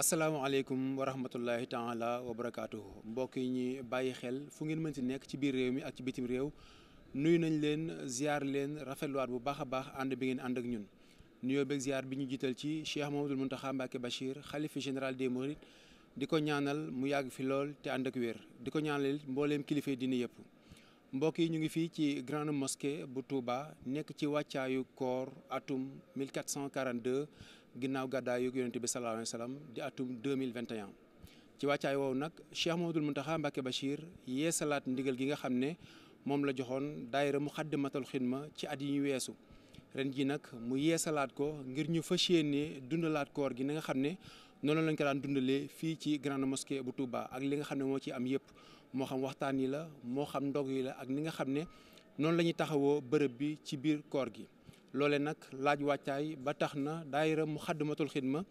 asalaamaaleykum wa rahmatullahi taala wa barakaatuhu mbokk yi ñuy bàyyi xel fu ngeen mën ci nekk ci biir réew mi ak ci bitim réew nuyu nañ leen ziar leen rafetluwaat bu baax a baax ànd bi ngeen ànd ak ñun nuyoo beeg ziar bi ñu jiital ci Cheikh Mamadou Mountakha Mbacké Bachir xalifa général des Mourides di ko ñaanal mu yàgg fi lool te ànd ak wér di ko ñaanal mbooleem kilifa dina yëpp mbokk yi ñu ngi fii ci grande mosquée bu Touba nekk ci wàccaayu koor atum 1442 ginnaaw gàddaay yu yonent bi sallallahu alayhi wa sallam di atum ci wàccaay woowu nag Cheikh Mamadul Muntaxa Mbàkke Bachir yeesalaat ndigal gi nga xam ne moom la joxoon mu daayira Muxaddamatul ma ci at yi ñu weesu ren ji nag mu yeesalaat ko ngir ñu fas ni dundalaat koor gi na nga xam ne noonu lañ ko daan dundalee fii ci grande mosquée bu Touba ak li nga xam ne moo ci am yëpp moo xam waxtaan yi la moo xam ndog yi la ak ni nga xam ne noonu la ñuy taxawoo bërëb bi ci biir koor gi loole nag laaj wàccaay ba tax na daayira Muxaddamatul Xidma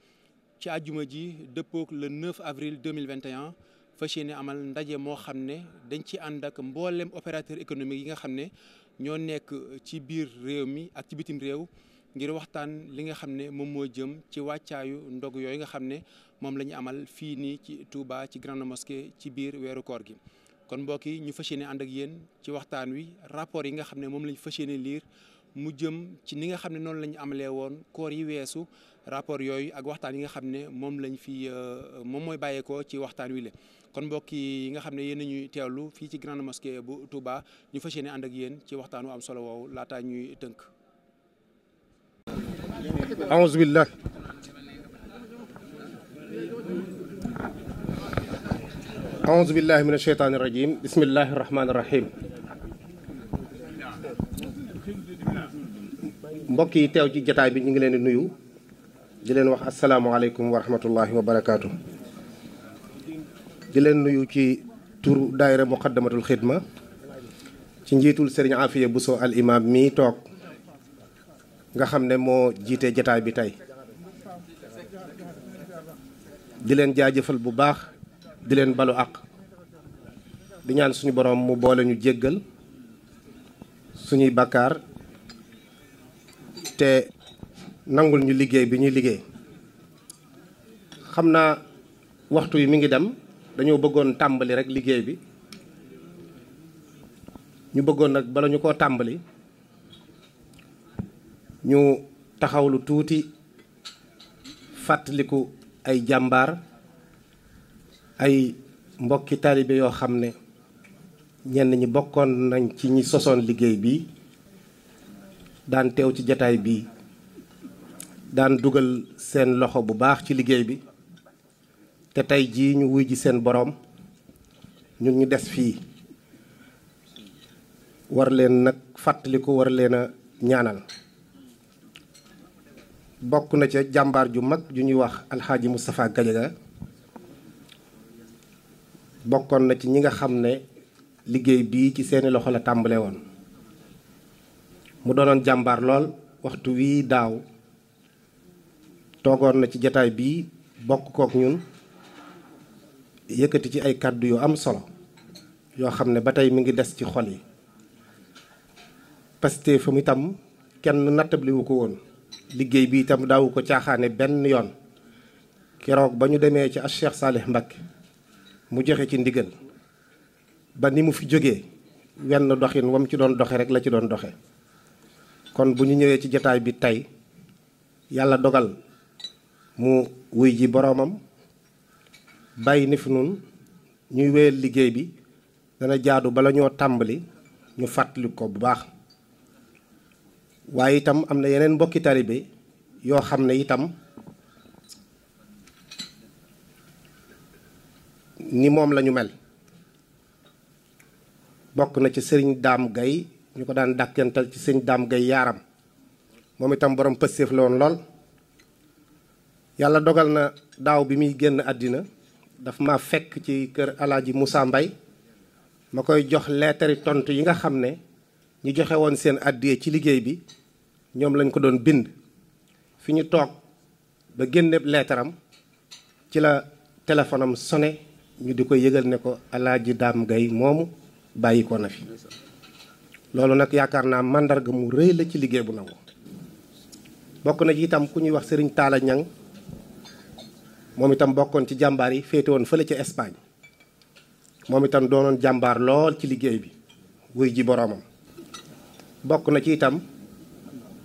ci àjjuma ji dëppook le 9 avril 2021 fas yéene amal ndaje moo xam ne dañ ci ànd ak mbooleem opérateur économique yi nga xam ne ñoo nekk ci biir réew mi ak ci bitim réew ngir waxtaan li nga xam ne moom moo jëm ci wàccaayu ndog yooyu nga xam ne moom la ñu amal fii nii ci Touba ci Grande Mosquée ci biir weeru koor gi kon mbokk yi ñu fas yéene ànd ak yéen ci waxtaan wi rapport yi nga xam ne moom la fas yéene liir mu jëm ci ni nga xam ne noonu la ñu amalee woon koor yi weesu rapport yooyu ak waxtaan yi nga xam ne moom lañ fi euh, moom mooy bàyyeekoo ci waxtaan wi la kon mbokk yi nga xam ne yéen ñuy teewlu fii ci grande mosquée bu Touba ñu fas yéene ànd ak yéen ci waxtaanu wu am solo woowu laataa ñuy tënk. aouzu billah aouzu billahi min acheytaani rajim bismillahi mbokk yi teew ci jataay bi ñu ngi leen di nuyu di leen wax asalaamualeykum wa rahmatullahi wa barakaatu. di leen nuyu ci turu daayira muqaddamatul xidma ci njiitul sëriñ Afiya bu al imam mii toog nga xam ne moo jiite jataay bi tey di leen jaajëfal bu baax di leen balu àq di ñaan suñu borom mu boole ñu jéggal suñuy bakkaar te nangul ñu liggéey bi ñuy liggéey xam naa waxtu yi mi ngi dem dañoo bëggoon tàmbali rek liggéey bi ñu bëggoon nag bala ñu koo tàmbali ñu taxawlu tuuti fàttaliku ay jàmbaar ay mbokki taalibe yoo xam ne ñenn ñi bokkoon nañ ci ñi sosoon liggéey bi daan teew ci jataay bi daan dugal seen loxo bu baax ci liggéey bi te tey jii ñu wuy ji seen boroom ñu ñu des fii war leen nag fàttaliku war leen a ñaanal bokk na ca jàmbaar ju mag ju ñuy wax alxaaji Moustapha Gajaga bokkoon na ci ñi nga xam ne liggéey bii ci seeni loxo la tàmbale woon mu doonoon jàmbaar lool waxtu wii daaw toogoon na ci jataay bii bokk kook ñun yëkkati ci ay kàddu yu am solo yoo xam ne ba tey mi ngi des ci xol yi Pastef fa mu itam kenn nattabliwu ko woon liggéey bi itam daawu ko caaxaane benn yoon keroog ba ñu demee ci Cheikh Salih Mbacké mu joxe ci ndigal ba ni mu fi jógee wenn doxin wam ci doon doxe rek la ci doon doxe kon bu ñu ñëwee ci jataay bi tey yàlla dogal mu wuy ji boroomam bàyyi ni fi nun ñuy wéyal liggéey bi dana jaadu bala ñoo tàmbali ñu fàttali ko bu baax waaye itam am na yeneen mbokki taalibe yoo xam ne itam ni moom lañu mel bokk na ci sëriñ Daam Gay ñu ko daan dàkkental ci seen daam gay yaaram moom itam borom pëstéef la woon lool yàlla dogal na daaw bi muy génn àddina dafa ma fekk ci kër alaaji Moussa Mbay ma koy jox leetari tontu yi nga xam ne ñu joxe woon seen àddiyee ci liggéey bi ñoom lañ ko doon bind fi ñu toog ba génneeb leetaram ci la téléphone sone ñu di ko yëgal ne ko alaaji daam gay moomu bàyyi ko na fi loolu nag yaakaar naa màndarga mu rëy la ci liggéey bu nangu bokk na ci itam ku ñuy wax Serigne taala Niang moom itam bokkoon ci jàmbaar yi féete woon fële ca Espagne moom itam doonoon jàmbaar lool ci liggéey bi wuy ji boroomam bokk na ci itam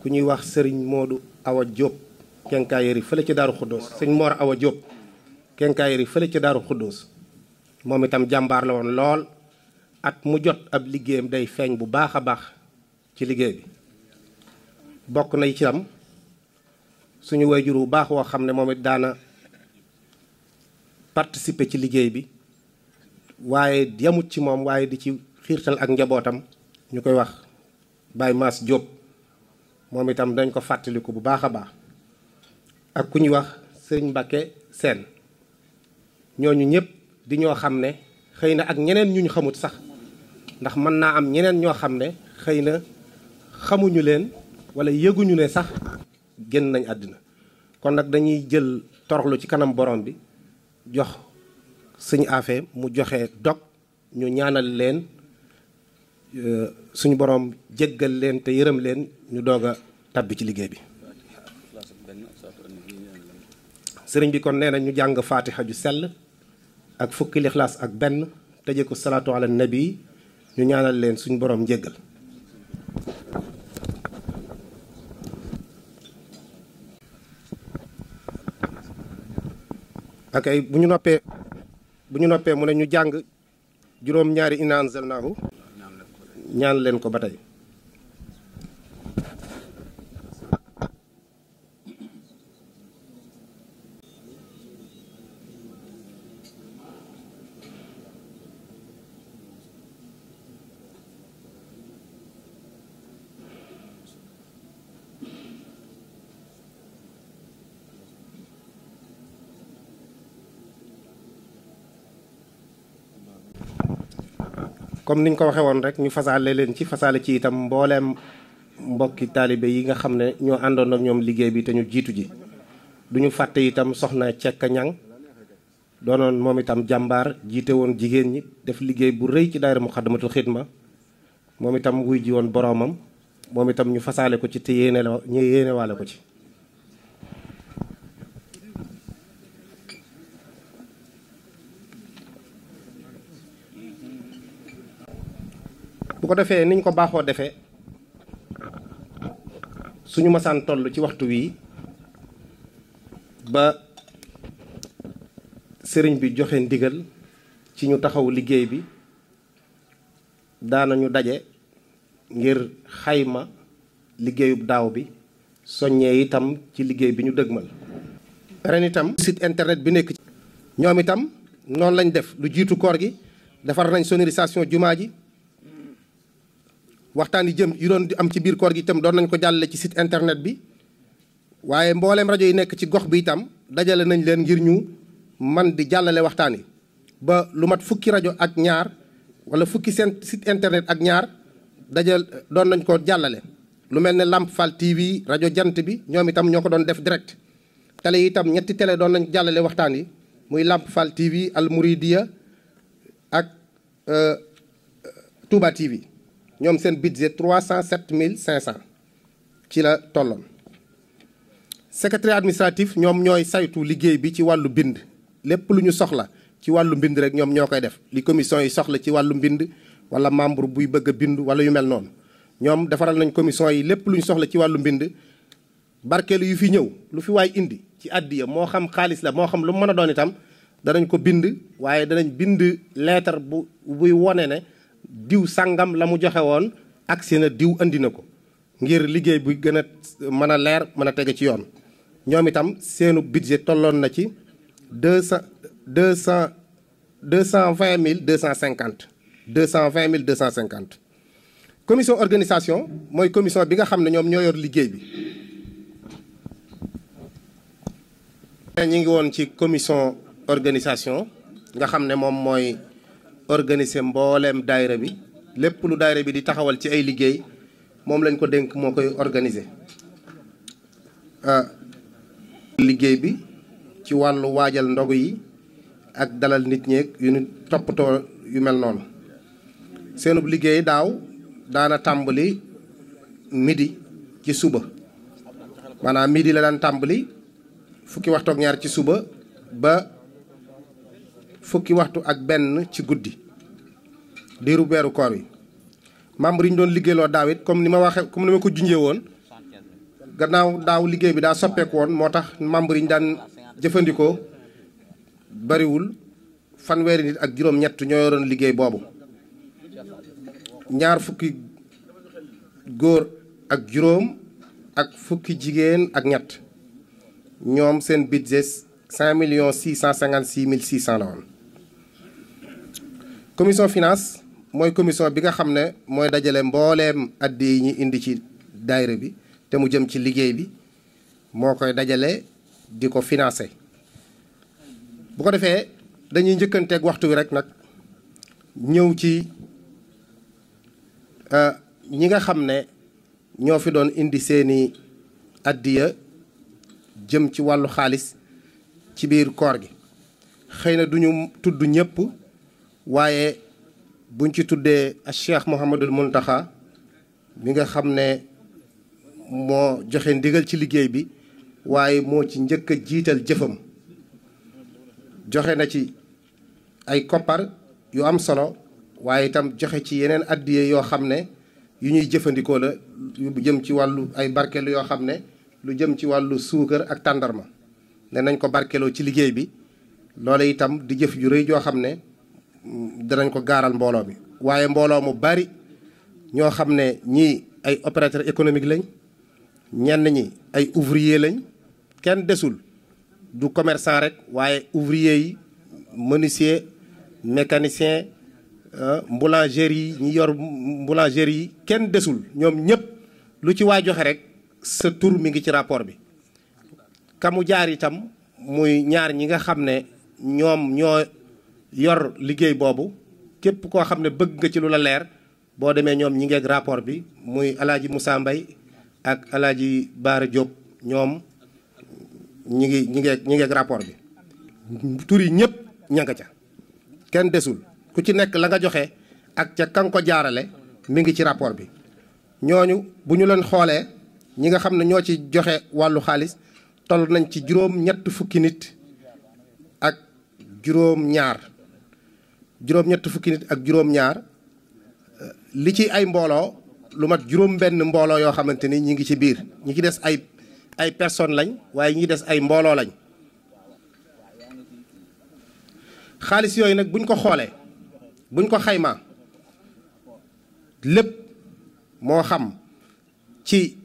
ku ñuy wax Serigne Modou Awa Diop kenkaayeri fële ca Daaru Xuddoos Serigne Mor Awa Diop kenkaayeri fële ca Daaru Xuddoos moom itam jàmbaar la woon lool at mu jot ab liggéeyam day feeñ bu baax a baax ci liggéey bi bokk na ci am suñu jur bu baax woo xam ne moom it daana participer ci liggéey bi waaye yamut ci moom waaye di ci xiirtal ak njabootam ñu koy wax Baye Mass Diop moom itam dañ ko fàttaliku bu baax a baax ak ku ñuy wax Serigne Mbacke seen ñooñu ñëpp di ñoo xam ne xëy na ak ñeneen ñu ñu xamut sax ndax mën naa am ñeneen ñoo xam ne xëy na xamuñu leen wala yëguñu ne sax génn nañ àddina kon nag dañuy jël toroxlu ci kanam borom bi jox suñu affaire mu joxe dog ñu ñaanal leen suñu borom jëggal leen te yërëm leen ñu doog a tàbbi ci liggéey bi sëriñ bi kon nee na ñu jàng faatixa ju sell ak fukki lixlaas ak benn tëje ko salaatu ala nabi ñu ñaanal leen suñ boroom njéggal ak bu ñu noppee bu ñu noppee mu ne ñu jàng juróom ñaari inaan zelnaahu ñaan leen ko ba tey comme niñ ko waxee woon rek ñu fasale leen ci fasaale ci itam mbooleem mbokki taalibe yi nga xam ne ñoo àndoon ak ñoom liggéey bi te ñu jiitu ji du ñu fàtte itam soxna cekk ñang doonoon moom itam jàmbaar jiite woon jigéen ñi def liggéey bu rëy ci daayira Muxaddamatul Xidma moom itam wuy ji woon boroomam moom itam ñu fasaale ko ci te yéene la ñu yéenewaale ko ci bu ko defee niñ ko baaxoo defee suñu masaan toll ci waxtu wii ba sëriñ bi joxe ndigal ci ñu taxaw liggéey bi daanañu daje ngir xayma liggéeyub daaw bi soññee itam ci liggéey bi ñu dëgmal ren itam site internet bi nekk ñoom itam noonu lañ def lu jiitu koor gi defar nañ sonorisation jumaa ji waxtaan yi jëm yu doon am ci biir koor gi itam doon nañ ko jàllale ci site internet bi waaye mbooleem rajo yi nekk ci gox bi itam dajale nañ leen ngir ñu man di jàllale waxtaan yi ba lu mat fukki rajo ak ñaar wala fukki seen site internet ak ñaar dajal doon nañ ko jàllale lu mel ne làmp Fall TV rajo jant bi ñoom itam ñoo ko doon def direct télé yi itam ñetti tele doon nañ jàllale waxtaan yi muy Lamp Fall TV Al Mouridiya ak euh, Touba TV ñoom seen budget cinq cent ci la tolloon secrétaire administratif ñoom ñooy saytu liggéey bi ci wàllu bind lépp lu ñu soxla ci wàllu bind rek ñoom ñoo koy def li commission yi soxla ci wàllu mbind wala membre buy bëgg a bind wala yu mel noonu ñoom defaral nañ commission yi lépp lu ñu soxla ci wàllu mbind barkeelu yu fi ñëw lu fi waay indi ci àddiya moo xam xaalis la moo xam lu mën a doon itam danañ ko bind waaye danañ bind leetar bu buy wone ne diw sàngam la mu joxe woon agsi na diw indi na ko ngir liggéey bi gën a mën a leer mën a tege ci yoon ñoom itam seenu budget tolloon na ci deux cent cent deux cent vingt mille deux cent cinquante deux cent vingt mille deux cent cinquante commission organisation mooy commission bi nga xam ne ñoom ñoo yor liggéey bi ñu ngi woon ci commission organisation nga xam ne moom mooy organiser mbooleem daayira bi lépp lu daayira bi di taxawal ci ay liggéey moom lañ ko dénk moo koy organiser ah, liggéey bi ci wàllu waajal ndogu yi ak dalal nit ñeeg yu ñu toppatoo yu mel noonu seenub liggéey daaw daana tàmbali midi ci suba maanaam midi la daan tàmbali fukki waxtoog ñaar ci suba ba fukki waxtu ak benn ci guddi diiru weeru koor wi membre ñu doon liggéeyloo daaw it comme ni ma waxe comme ni ma ko junjee woon gannaaw daaw liggéey bi daa soppeek woon moo tax membre yi ñu daan jëfandikoo bariwul fanweeri nit ak juróom-ñett ñoo yoroon liggéey boobu ñaar fukki góor ak juróom ak fukki jigéen ak ñett ñoom seen budget 5 millions 656 mille 600 la woon commission finance mooy commission bi nga xam ne mooy dajale mbooleem addi yi ñu indi ci daayira bi te mu jëm ci liggéey bi moo koy dajale di ko financé bu ko defee dañuy njëkkanteek waxtu wi rek nag ñëw ci euh, ñi nga xam ne ñoo fi doon indi seeni addiya jëm ci wàllu xaalis ci biir koor gi xëy na duñu tudd ñëpp waaye buñ ci tuddee Cheikh Mouhamadul Mountakha mi nga xam ne moo joxe ndigal ci liggéey bi waaye moo ci njëkk a jiital jëfam joxe na ci ay koppar yu am solo waaye itam joxe ci yeneen addiye yoo xam ne yu ñuy jëfandikoo la yu jëm ci wàllu ay barkel yoo xam ne lu jëm ci wàllu suukar ak tàndarma ne nañ ko barkeloo ci liggéey bi loole itam di jëf ju rëy joo xam ne danañ ko gaaral mbooloo mi waaye mbooloo mu bari ñoo xam ne ñi ay opérateur économique lañ ñenn ñi ay ouvrier lañ kenn desul du commerçant rek waaye ouvrier yi menuisier mécanicien euh, boulangerie yi ñi yor boulangerie yi kenn desul ñoom ñëpp lu ci waa joxe rek sa tur mi ngi ci rapport bi kamu jaar itam muy ñaar ñi nga xam ne ñoom ñoo yor liggéey boobu képp koo xam ne bëgg nga ci lu la leer boo demee ñoom ñi ngi ak rapport bi muy alaaji Moussa mbay ak alaaji Baara Diop ñoom ñi ngi ñi ngi ñi rapport bi tur yi ñëpp ña nga ca kenn desul ku ci nekk la nga joxe ak ca kan ko jaarale mi ngi ci rapport bi ñooñu bu ñu leen xoolee ñi nga xam ne ñoo ci joxe wàllu xaalis toll nañ ci juróom ñett fukki nit ak juróom ñaar juróom-ñett fukki nit ak juróom-ñaar euh, li ci ay mbooloo lu mat juróom-benn mbooloo yoo xamante ni ñi ngi ci biir ñi ci des ay ay personnes lañ waaye ñi des ay mbooloo lañ xaalis yooyu nag buñ ko xoolee buñ ko xaymaa lépp moo xam ci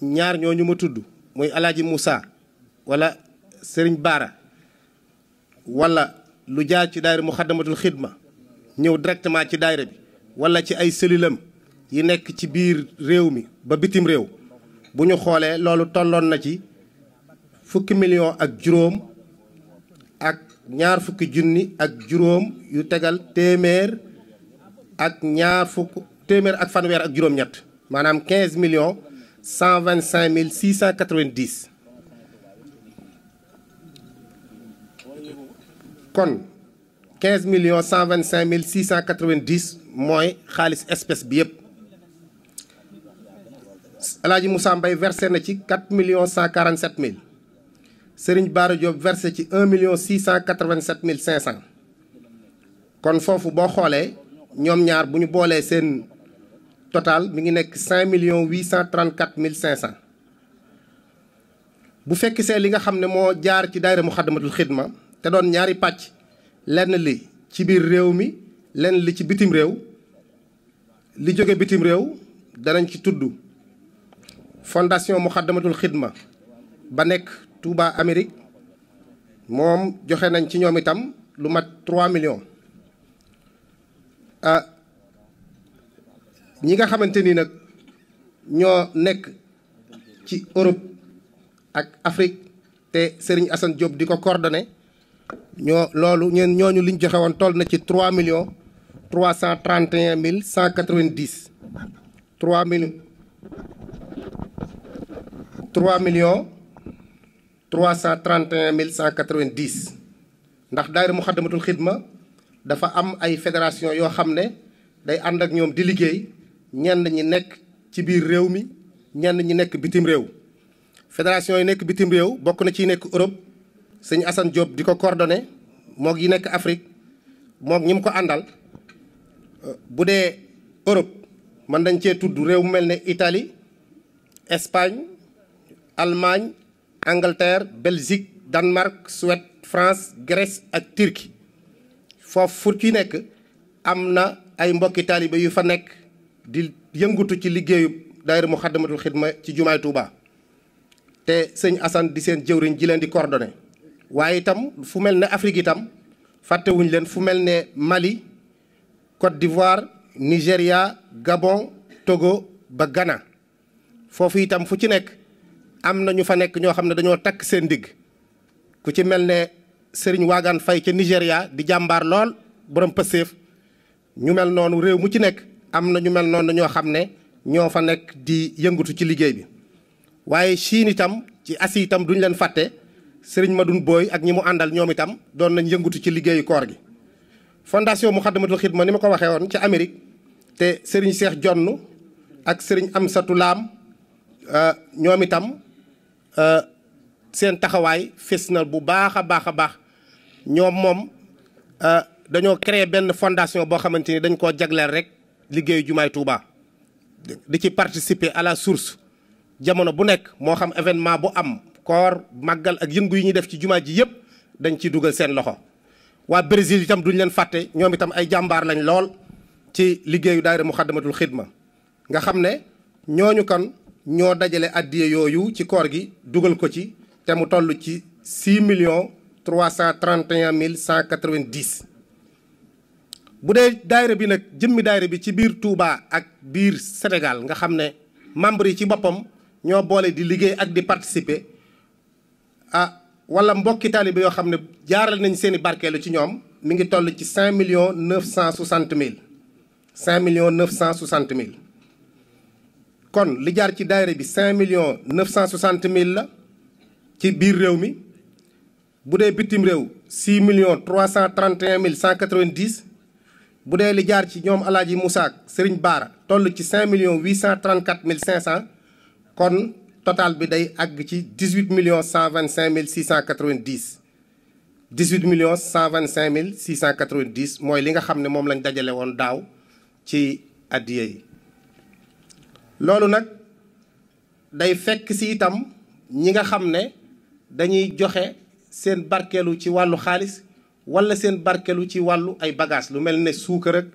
ñaar ñu ma tudd muy Alaaji Moussa wala sëriñ Bara wala lu jaar ci mu muxaddamatul xidma ñëw directement ci daayira bi wala ci ay sëlilam yi nekk ci biir réew mi ba bitim réew bu ñu xoolee loolu tolloon na ci fukki million ak juróom ak ñaar fukki ak juróom yu tegal téeméer ak ñaar fukk téeméer ak fanweer ak juróom-ñett maanaam 15 millions 125 mille 690 kon 15 millions 125 mille 690 mooy xaalis espèce bi yëpp El Hadj Moussa Mbaye versé na ci 4 millions 147 mille Serigne Bara Diop versé ci 1 million 687 mille 500 kon foofu boo xoolee ñoom ñaar bu ñu boolee seen total mi ngi nekk million 5 millions 834 mille 500 bu fekk see li nga xam ne moo jaar ci daayira Muxaddamatul Xidma te doon ñaari pàcc lenn li ci biir réew mi lenn li ci bitim réew li jóge bitim réew danañ ci tudd fondation Muxaddamatul Xidma ba nekk Touba Amérique moom joxe nañ ci ñoom itam lu mat 3 millions ah, ñi nga xamante ni nag ñoo nekk ci Europe ak Afrique te Serigne Assane Diop di ko coordonné ñoo loolu ñeen ñooñu liñ joxe woon toll na ci trois millions trois cent trente et un cent quatre-vingt-dix trois millions millions trois cent trente mille cent quatre vingt ndax daayira Muxaddamatul Xidma dafa am ay fédération yoo xam ne day ànd ak ñoom di liggéey ñenn ñi nekk ci biir réew mi ñenn ñi nekk bitim réew fédération yi nekk bitim réew bokk na ci nekk Europe sëñ Assane Diop di ko coordonné moog yi nekk Afrique moog ñi mu ko àndal bu dee Europe mën nañ cee tudd réew mu mel ni itali Espagne Allemagne Angleterre Belgique Danemark Suède France Grèce ak Turquie foofu fu ci nekk am na ay mbokki taalibe yu fa nekk di yëngutu ci liggéeyub liggéeyu daayira mu xaddamatul xidma ci jumaay Touba te sëñ Assane di seen jëwriñ ji leen di coordonné waaye itam fu mel ne Afrique itam fàttewuñ leen fu mel ne Mali Côte d'Ivoire nigeria Gabon Togo ba Ghana foofu itam fu ci nekk am na ñu fa nekk ñoo xam ne dañoo takk seen ndigg ku ci mel ne Serigne Wagan Faye ca Nigéria di jàmbaar lool borom pëseef ñu mel noonu réew mu ci nekk am na ñu mel noonu ñoo xam ne ñoo fa nekk di yëngatu ci liggéey bi waaye Chine itam ci Asie itam duñ leen fàtte. sëriñ Madoune booy ak ñi mu àndal ñoom itam doon nañ yëngutu ci liggéeyu koor gi. fondation Muxaddamatul Xidma ni ma ko waxee woon ci Amérique te sëriñ Cheikh Jonn ak sëriñ Amsatu Laam euh, ñoom itam euh, seen taxawaay fés na bu baax a baax a baax ñoom moom euh, dañoo créer benn fondation boo xamante ni dañ koo jagleel rek liggéeyu jumaay Touba. di ci participer à la source jamono bu nekk moo xam événement bu am koor màggal ak yëngu yi ñuy def ci jumaa ji yëpp dañ ciy dugal seen loxo waa Brésil itam duñ leen fàtte ñoom itam ay jàmbaar lañ lool ci liggéeyu daayira Muxaddamatul Xidma nga xam ne ñoo ñu kon ñoo dajale addiye yooyu ci koor gi dugal ko ci te mu toll ci 6 millions 331 mille 190 bu dee daayira bi nag jëmmi daayira bi ci biir Touba ak biir Sénégal nga xam ne membre yi ci boppam ñoo boole di liggéey ak di participer ah wala mbokki taalibe yoo xam ne jaaral nañ seen i barkeelu ci ñoom mi ngi toll ci cinq millions neuf cent soixante mille cinq millions neuf cent soixante mille kon li jaar ci daayira bi cinq millions neuf cent soixante mille la ci biir réew mi bu dee bitim réew six millions trois cent trente un mille cent quatre vingt bu dee li jaar ci ñoom Alaaji Moussa ak Sëriñ Baara toll ci cinq millions huit cent trente mille cinq cent kon total bi day àgg ci dix huit millions cent vingt cinq mille six cent quatre vingt dix cent vingt cinq mille six cent mooy li nga xam ne moom lañ dajale woon daaw ci addiya yi loolu nag day fekk ci itam ñi nga xam ne dañuy joxe seen barkeelu ci wàllu xaalis wala seen barkeelu ci wàllu ay bagage lu mel ne suukar ak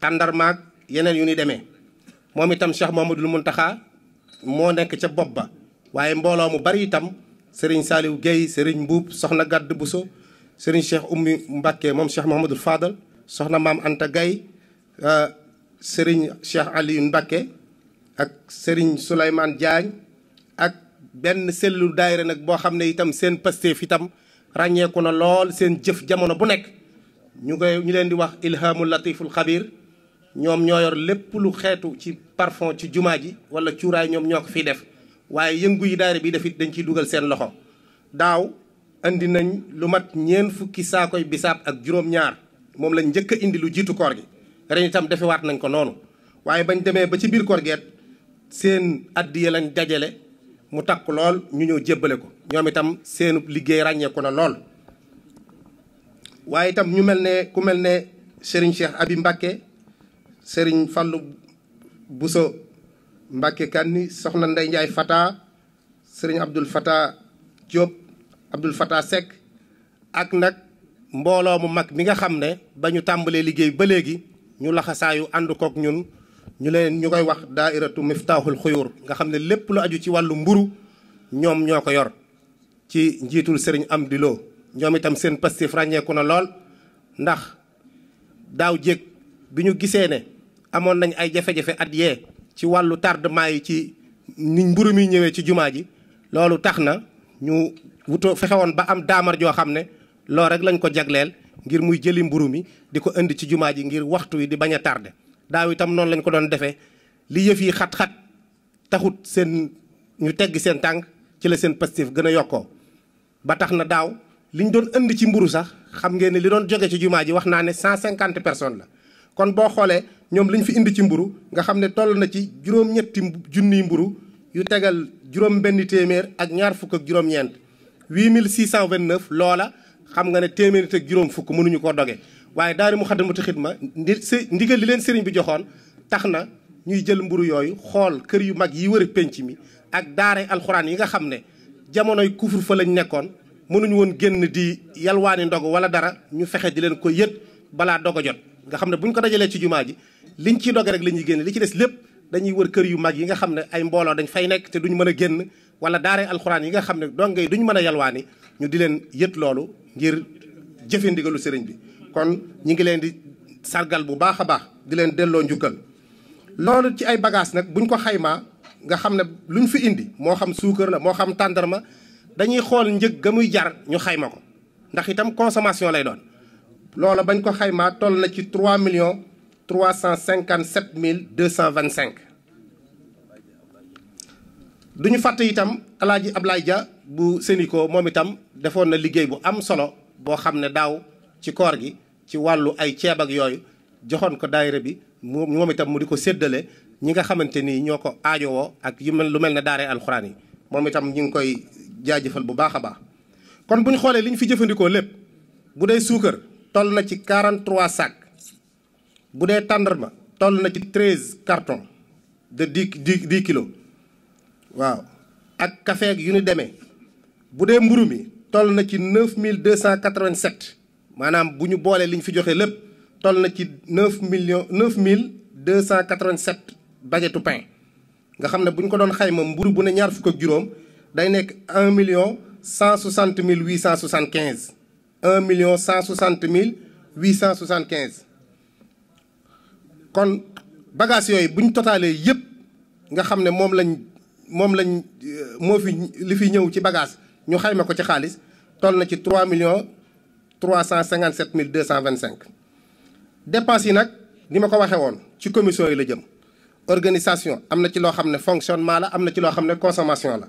tàndarmaak yeneen yu ni demee moom itam Cheikh mun taxaa moo nekk ca bopp ba waaye mbooloo mu bari itam sëriñ Saliou Guèye sëriñ Mbuub soxna Gàdd Buso sëriñ Cheikh Oumy Mbacké moom Cheikh Mouhamadul Fadal soxna maam Anta Gaye euh, sëriñ Cheikh ali Mbacké ak sëriñ Souleymane Diagne ak benn sellu daayira nag boo xam ne itam seen fi itam ràññeeku na lool seen jëf jamono bu nekk ñu koy ñu leen di wax ilhamul latiful xabir ñoom ñoo yor lépp lu xeetu ci parfum ci jumaa ji wala cuuraay ñoom ñoo ko fiy def waaye yëngu yi daayira bii def it dañ ciy dugal seen loxo daaw indi nañ lu mat ñeent fukki saakoy bisaab ak juróom-ñaar moom lañ njëkk a indi lu jiitu koor gi ren itam defewaat nañ ko noonu waaye bañ demee ba ci biir koor geet seen addiya lañ dajale mu takk lool ñu ñëw jébbale ko ñoom itam seenub liggéey ràññeeku na lool waaye itam ñu mel ne ku mel ne Serigne Cheikh Abi Serigne Fallou Bousso Mbacke Kanni soxna Ndey Njaay Fata sëriñ Abdoul Fata Diop Abdoul Fata Seck ak nag mbooloo mu mag mi nga xam ne ba ñu tàmbalee liggéey ba léegi ñu laxasaayu ànd kook ñun ñu leen ñu koy wax daairatu miftaaxul xuyuur nga xam ne lépp lu aju ci wàllu mburu ñoom ñoo ko yor ci njiitul sëriñ am di ñoom itam seen pastif ràññeeku na lool ndax daaw jéeg bi ñu gisee ne amoon nañ ay jafe-jafe at yee ci wàllu tardement yi ci ni mburu mi ñëwee ci jumaa ji loolu tax na ñu wutoo fexe woon ba am daamar joo xam ne loolu rek lañ ko jagleel ngir muy jëli mburu mi di ko indi ci jumaa ji ngir waxtu wi di bañ a tardé daaw itam noonu lañ ko doon defee li yëf yi xat-xat taxut seen ñu tegg seen tànk ci la seen pastif gën a yokkoo ba tax na daaw liñ doon indi ci mburu sax xam ngeen li doon jóge ci jumaa ji wax naa ne 150 personnes la kon boo xoolee ñoom liñ fi indi ci mburu nga xam ne toll na ci juróom-ñetti junniy mburu yu tegal juróom mbenn téeméer ak ñaar fukk ak juróom-ñeent 8629 loola xam nga ne téeméer ak juróom fukk mënuñu ko doge waaye daari mu xaddamatu xidma ndigal li leen sëriñ bi joxoon tax na ñuy jël mburu yooyu xool kër yu mag yi wër a penc mi ak daare alxuraan yi nga xam ne jamonoy kufur fa lañ nekkoon mënuñu woon génn di yalwaani ndog wala dara ñu fexe di leen ko yët balaa dog a jot nga xam ne bu ñu ko dajalee ci jumaa ji liñ ciy doge rek la ñuy génne li ci des lépp dañuy wër kër yu mag yi nga xam ne ay mbooloo dañ fay nekk te duñ mën a génn wala daare alxuraan yi nga xam ne donge yi duñ mën a yalwaani ñu di leen yët loolu ngir jëfe ndigalu sëriñ bi kon ñi ngi leen di sargal bu baax a baax di leen delloo njukkal loolu ci ay bagage nag buñ ko xaymaa nga xam ne lu ñu fi indi moo xam suukar la moo xam tàndarma dañuy xool njëg ga muy jar ñu xayma ko ndax itam consommation lay doon loola bañ ko xaymaa toll na ci trois millions trois cent cinquante sept mille deux cent vingt cinq du ñu fàtte itam El Hadj Ablaye Dia bu Sénico moom itam defoon na liggéey bu am solo boo xam ne daaw ci koor gi ci wàllu ay ceeb ak yooyu joxoon ko daayira bi mu moom itam mu di ko séddale ñi nga xamante ni ñoo ko aajowoo ak yu mel lu mel ne daaree alxuraan yi moom itam ñu ngi koy jaajëfal bu baax a baax kon bu ñu xoolee li ñu fi jëfandikoo lépp bu dee suukar. toll na ci 43 sacs bu dee tàndarma toll na ci 13 cartons de di di di kilos waaw ak café yu ni demee bu dee mburu mi toll na ci mille cent 9287 maanaam bu ñu boolee li ñu fi joxee lépp toll na ci mille 9 millions 9287 baguette pain nga xam ne bu ñu ko doon xayma mburu bu ne ñaar fukk ak juróom day nekk un million cent 160 mille cent 875. un million cent soixante mille huit cent soixante quinze kon bagages yooyu buñ totalee totaalee yëpp nga xam ne moom lañ moom lañ euh, moo fi li fi ñëw ci bagage ñu xayma ko ci xaalis toll na ci trois millions trois cent cinquante sept mille deux cent vingt cinq dépenses yi nag ni ma ko waxee woon ci commission yi la jëm organisation am na ci loo xam ne fonctionnement la am na ci loo xam ne consommation la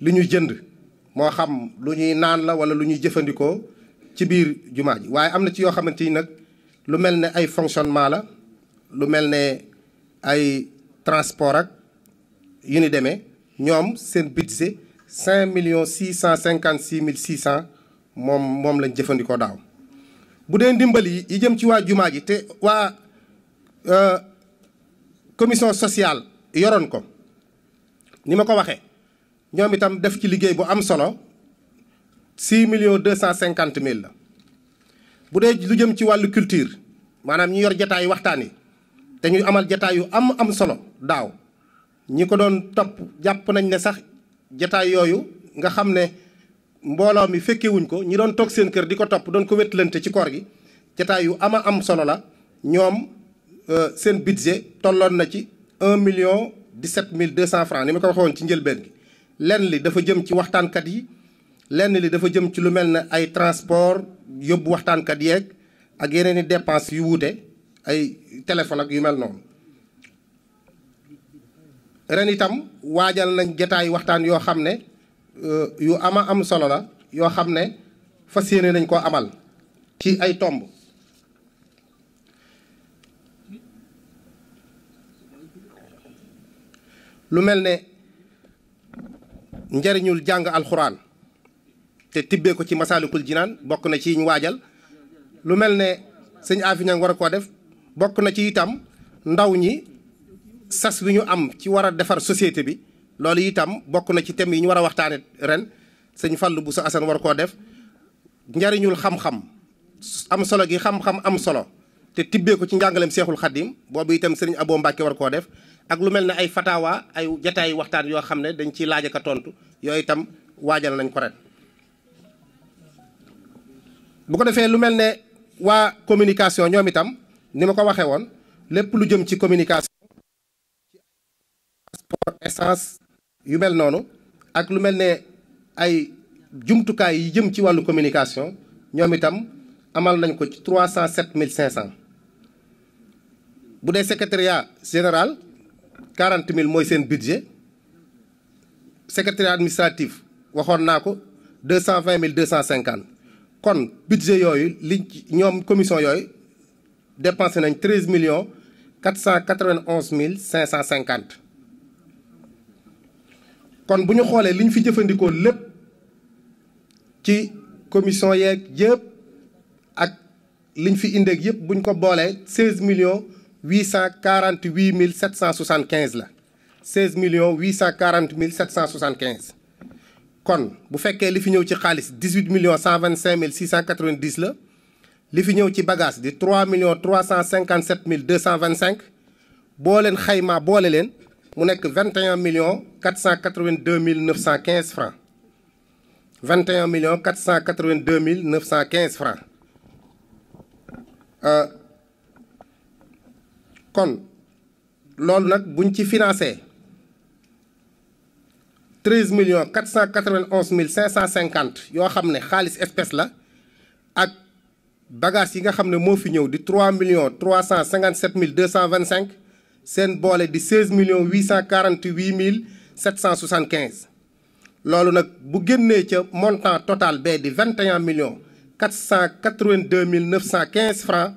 lu ñu jënd moo xam lu ñuy naan la wala lu ñuy jëfandikoo ci biir jumaa ji waaye am na ci yoo xamante ni nag lu mel ne ay fonctionnement la lu mel ne ay transport ak yu ni demee ñoom seen budget cinq millions six cent cinquante six mille six cent moom moom lañ jëfandikoo daaw bu dee ndimbal yi jëm ci waa jumaa ji te waa euh, commission sociale yoroon ko ni ma ko waxee ñoom itam def ci liggéey bu am solo six millions deux cent cinquante mille la bu dee lu jëm ci wàllu culture maanaam ñu yor jataayu waxtaan yi dañuy amal jataay yu am am solo daaw ñi ko doon topp jàpp nañ ne sax jataay yooyu nga xam ne mbooloo mi fekkewuñ ko ñi doon toog seen kër di ko topp doon ko wettalante ci koor gi jataay yu ama am solo la ñoom euh, seen budget tolloon na ci un million dix-sept mille deux cent francs ni ma ko waxoon ci njëlbeen gi lenn li dafa jëm ci waxtaankat yi lenn li dafa jëm ci lu mel ne ay transport yóbbu waxtaankat yeeg ak yeneen i dépense yu wuute ay téléphone ak yu mel noonu ren itam waajal nañ jataay waxtaan yoo xam ne euh, yu ama am solo la yoo xam ne fas yéene nañ koo amal ci ay tomb lu mel ne njariñul jàng alxuraan tibbee ko ci Masaalikul Jinaan bokk na ci ñu waajal lu mel ne sëñ Afi war a koo def bokk na ci itam ndaw ñi sas wi ñu am ci war a defar societé bi loolu itam bokk na ci thème yi ñu war a waxtaane ren sëñ Fallou Bousso Assane war koo def njariñul xam-xam am solo gi xam-xam am solo te tibbee ko ci njàngaleem seexul xaddim boobu itam sëriñ Abo Mbàkke war koo def ak lu mel ne ay fatawa ay jataay waxtaan yoo xam ne dañ ciy laaj ak tontu yooyu itam waajal nañ ko ren bu ko defee lu mel ne waa communication ñoom itam ni ma ko waxee woon lépp lu jëm ci communication transport essence yu mel noonu ak lu mel ne ay jumtukaay yi jëm ci wàllu communication ñoom itam amal nañ ko ci trois cent sept mille cinq cent bu dee secretariat général quarante mille mooy seen budget secrétariat administratif waxoon naa ko deux cent vingt mille deux cent cinquante kon budget yooyu liñ ñoom commission yooyu dépensé nañ treize millions quatre cent quatre-vingt-onze mille cinq cent cinquante kon bu ñu xoolee li ñu fi jëfandikoo lépp ci commission yeeg yëpp ak ñu fi indeeg yëpp buñ ko boolee seize millions huit cent quarante-huit mille sept cent soixante-quinze la seize millions huit cent quarante mille sept cent soixante-quinze kon bu fekkee li fi ñëw ci xaalis dix huit millions cent vingt cinq mille six cent quatre la li fi ñëw ci bagage di trois millions trois cent cinquante sept mille deux cent vingt cinq boo leen xaymaa boole leen mu nekk vingt et un millions quatre cent quatre vingt deux mille neuf cent quinze francs vingt et un millions quatre cent quatre vingt deux mille neuf cent quinze francs euh, kon loolu nag buñ ci financé. treize millions quatre cent quatre vingt onze mille cinq cent cinquante yoo xam ne xaalis espèce la ak bagage yi nga xam ne moo fi ñëw di trois millions trois cent cinquante sept mille deux cent vingt cinq seen boole di seize millions huit cent quarante huit mille sept cent soixante quinze. loolu nag bu génnee ca montant total bee di vingt et un millions quatre cent quatre vingt deux mille neuf cent quinze francs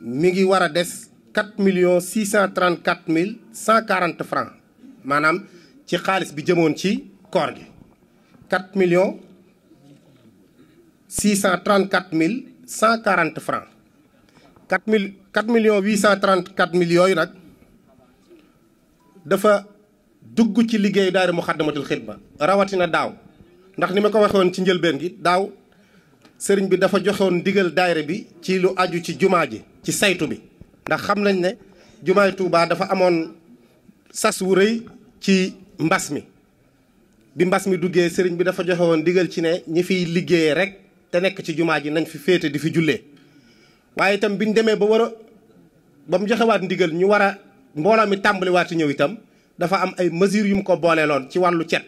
mi ngi war a des quatre millions six cent trente quatre mille cent quarante francs maanaam. ci xaalis bi jëmoon ci koor gi 4 millions 634 mille 140 francs 4 mille 4 millions 834 mille yooyu nag dafa dugg ci liggéeyu daara Muxaddamatul Xidma rawatina daaw ndax ni ma ko waxoon ci njëlbeen gi daaw sëriñ bi dafa joxoon ndigal daayira bi ci lu aju ci jumaa ji ci saytu bi ndax xam nañ ne jumaay Tuubaa dafa amoon sas wu rëy ci mbas mi bi mbas mi duggee sëriñ bi dafa joxewoon woon ci ne ñi fiy liggéeyee rek te nekk ci jumaa ji nañ fi féete di fi jullee waaye itam biñ demee ba war a ba mu joxewaat ndigal ñu war a mbooloo mi tàmbaliwaat ñëw itam dafa am ay mesures yu mu ko booleeloon ci wàllu cet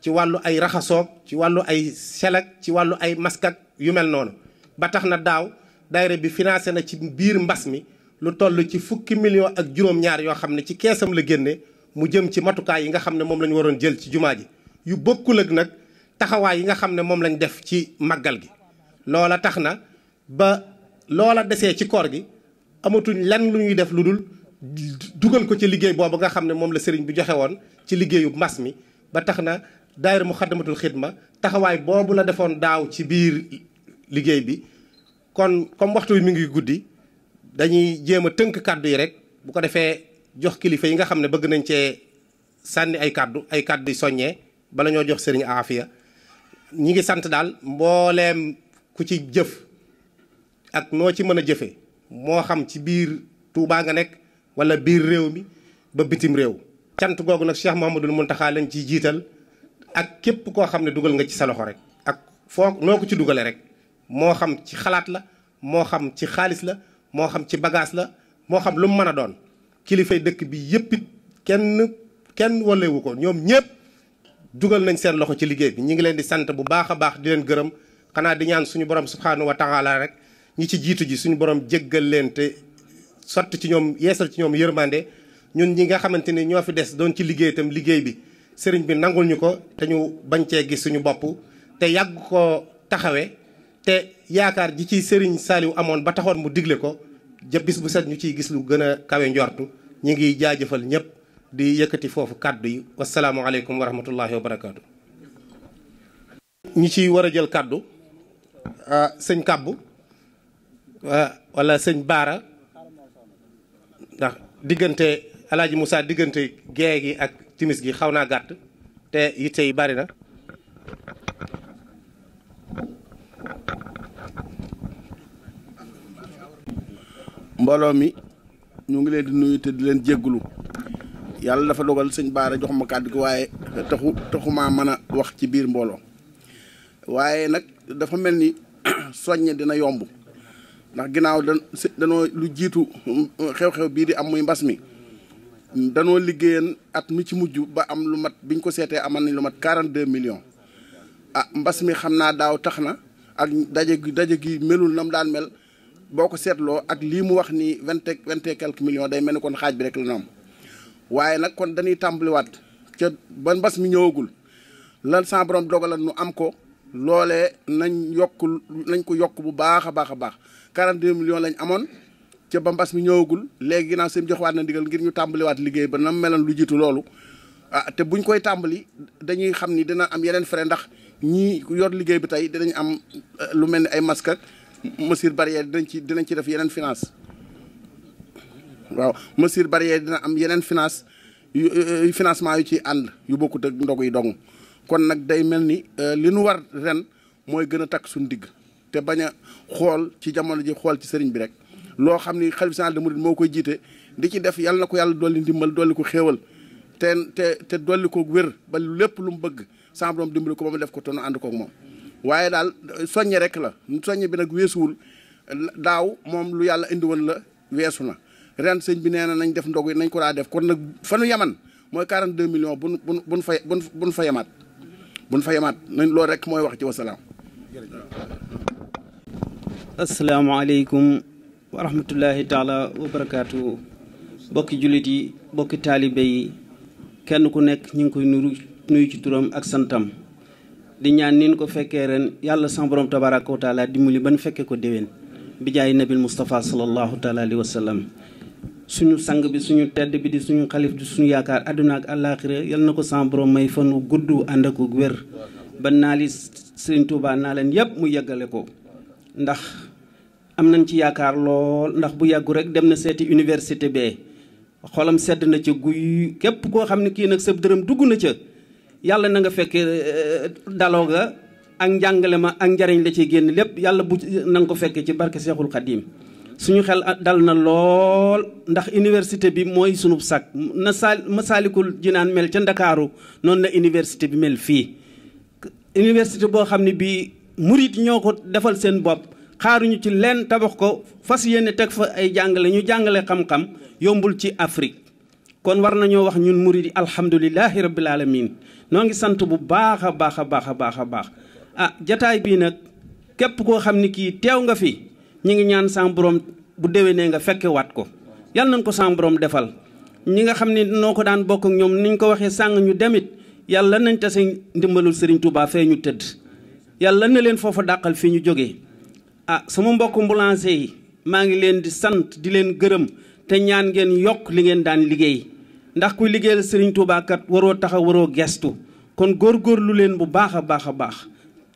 ci wàllu ay raxasoog ci wàllu ay selak ci wàllu ay maskak yu mel noonu ba tax na daaw daayira bi financé na ci biir mbas mi lu toll ci fukki million ak juróom-ñaar yoo xam ne ci keesam la génne mu jëm ci matukaay yi nga xam ne moom lañu waroon jël ci jumaa ji yu bokkul ak nag taxawaay yi nga xam ne moom lañu def ci màggal gi loola tax na ba loola desee ci koor gi amatuñ lan lu ñuy def lu dul dugal ko ci liggéey boobu nga xam ne moom la sëriñ bi joxe woon ci liggéeyu mas mi ba tax na daayira Muxaddamatul Xidma taxawaay boobu la defoon daaw ci biir liggéey bi kon comme waxtu wi mi ngi guddi dañuy jéem a tënk kàddu yi rek bu ko defee jox kilifa yi nga xam ne bëgg nañ cee sànni ay kàddu ay kàddu soññee bala ñoo jox sëriñ Afia ñi ngi sant daal mbooleem ku ci jëf ak noo ci mën a jëfe moo xam ci biir Touba nga nekk wala biir réew mi ba bitim réew cant googu nag Cheikh Mouhamadul Mountakha lañ ciy jiital ak képp koo xam ne dugal nga ci sa loxo rek ak foo noo ko ci dugalee rek moo xam ci xalaat la moo xam ci xaalis la moo xam ci bagage la moo xam lu mu mën a doon kilifay dëkk bi yëpp kenn kenn wallewu ko ñoom ñëpp dugal nañ seen loxo ci liggéey bi ñu ngi leen di sant bu baax a baax di leen gërëm xanaa di ñaan suñu borom subhaanahu wa taala rek ñi ci jiitu ji suñu borom jëggal leen te sotti ci ñoom yeesal ci ñoom yërmande ñun ñi nga xamante ni ñoo fi des doon ci liggéey tam liggéey bi sëriñ bi nangul ñu ko te bañ cee gis suñu bopp te yàgg ko taxawee te yaakaar ji ci sëriñ Saliou amoon ba taxoon mu digle ko jë bu set ñu ciy gis lu gën a kawe njortu ñu ngi jaajëfal ñépp di yëkkati foofu kàddu yi wasalaamualeykum wa rahmatullahi wa barakaatu. ñu ciy war a jël kàddu ah, sëñ kàbbu ah, wala sëñ baara ndax diggante alaaji Moussa diggante gee gi ak timis gi xaw naa gàtt te yitte yi bari na mbooloo mi ñu ngi leen di nuyu te di leen jéggulu yàlla dafa dogal sëñ Baara jox ma kàddu gi waaye taxu taxumaa mën a wax ci biir mbooloo waaye nag dafa mel ni soññe dina yomb ndax ginnaaw da danoo lu jiitu mm, mm, xew-xew bii di am muy mbas mi danoo liggéeyan at mi ci mujj ba am lu mat biñ ko seetee amal nañ lu mat 42 millions ah mbas mi xam naa daaw tax na ak daje gi daje gi melul nam daan mel boo ko seetloo ak lii mu wax ni vingt et vingt million day mel ni kon xaaj bi rek la ñoom waaye nag kon dañuy tàmbaliwaat ca ba mbas mi ñëwagul lan sa borom dogalan nu am ko loole nañ yokk nañ ko yokk bu baax a baax a baax 42 million lañ amoon ca ba mbas mi ñëwagul léegi ginnaaw seen joxwaat na ndigal ngir ñu tàmbaliwaat liggéey ba na meloon lu jiitu loolu ah te buñ koy tàmbali dañuy xam ni dina am yeneen fere ndax ñii yor liggéey bi tey dinañ am eh, lu mel ni ay masque masir barrière dinañ ci dinañ ci def yeneen finance waaw masir barrière dina am yeneen finance financement yu ci ànd yu bokkut ak ndog yi dong kon nag day mel ni euh, li nu war ren mooy gën a takk suñu digg te bañ a xool ci jamono ji xool ci sëriñ bi rek loo xam ni xalifa général mu mourides moo koy jiite di ci def yàlla na ko yàlla dolli ndimbal dolli ko xéewal te te te dolli ko wér ba lépp lu mu bëgg sama borom ko ba def ko te nu ànd koog moom waaye daal soññe rek la soññe bi nag weesuwul daaw moom lu yàlla indi woon la weesu na ren sëñ bi nee na nañ def ndog yi nañ ko daa def kon nag fa nu yaman mooy 42 millions bu nu bu nu fa bu nu fa yemaat bu nu fa yemaat nañ loolu rek mooy wax ci wasalaam. asalaamaaleykum wa rahmatullahi taala wa barakaatu bokki jullit yi bokki taalibe yi kenn ku nekk ñu ngi koy nuyu nuyu ci turam ak santam. di ñaan nii nu ko fekkee ren yàlla sama borom tabaraka wa taala dimbali ban fekkee ko déwén bi jaay nabil Moustapha sallallahu taala alayhi wa sallam suñu sang bi suñu tedd bi di suñu xalif di suñu yaakaar àdduna ak àllaaxira yal na ko sama borom may fan wu gudd ànd ak wér ba naa li Sëriñ Tuubaa naa leen yëpp mu yeggale ko ndax am nañ ci yaakaar lool ndax bu yàggu rek dem na seeti université bee xolam sedd na ca guy képp koo xam ne kii nag sa dërëm dugg na ca yàlla na nga fekk eh, eh, daloo ga ak njàngale ma ak njariñ la ciy génn lépp yàlla bu na nga ko fekkee ci barke Seexul Xadiim suñu xel dal na lool ndax université bi mooy sunub sag na saa Masaalikul Jinaan mel ca Ndakaaru noonu la université bi mel fii université boo xam ne bii murit ñoo ko defal seen bopp xaaruñu ci leen tabax ko fas yéene teg fa ay jàngale ñu jàngale xam-xam yombul ci Afrique kon war nañoo wax ñun muri yi alhamdulilahi rabbil alamin noo ngi sant bu baax a baax a baax a baax a baax ah jataay bii nag képp koo xam ni kii teew nga fi ñi ngi ñaan sam borom bu déwénee nga fekke waat ko yal nañ ko sam borom defal ñi nga xam ne noo ko daan bokk ak ñoom niñ ko waxee sàng ñu demit yàlla nañ tase ndimbalul sëriñ Touba ñu tëdd yàlla na leen foofa dàqal fii ñu jóge ah sama mbokk ambulancier yi maa ngi leen di sant di leen gërëm te ñaan ngeen yokk li ngeen daan liggéey ndax kuy liggéeyal sëriñ Tuubaa kat waroo taxaw waroo gestu kon góorgóorlu leen bu baax a baax a baax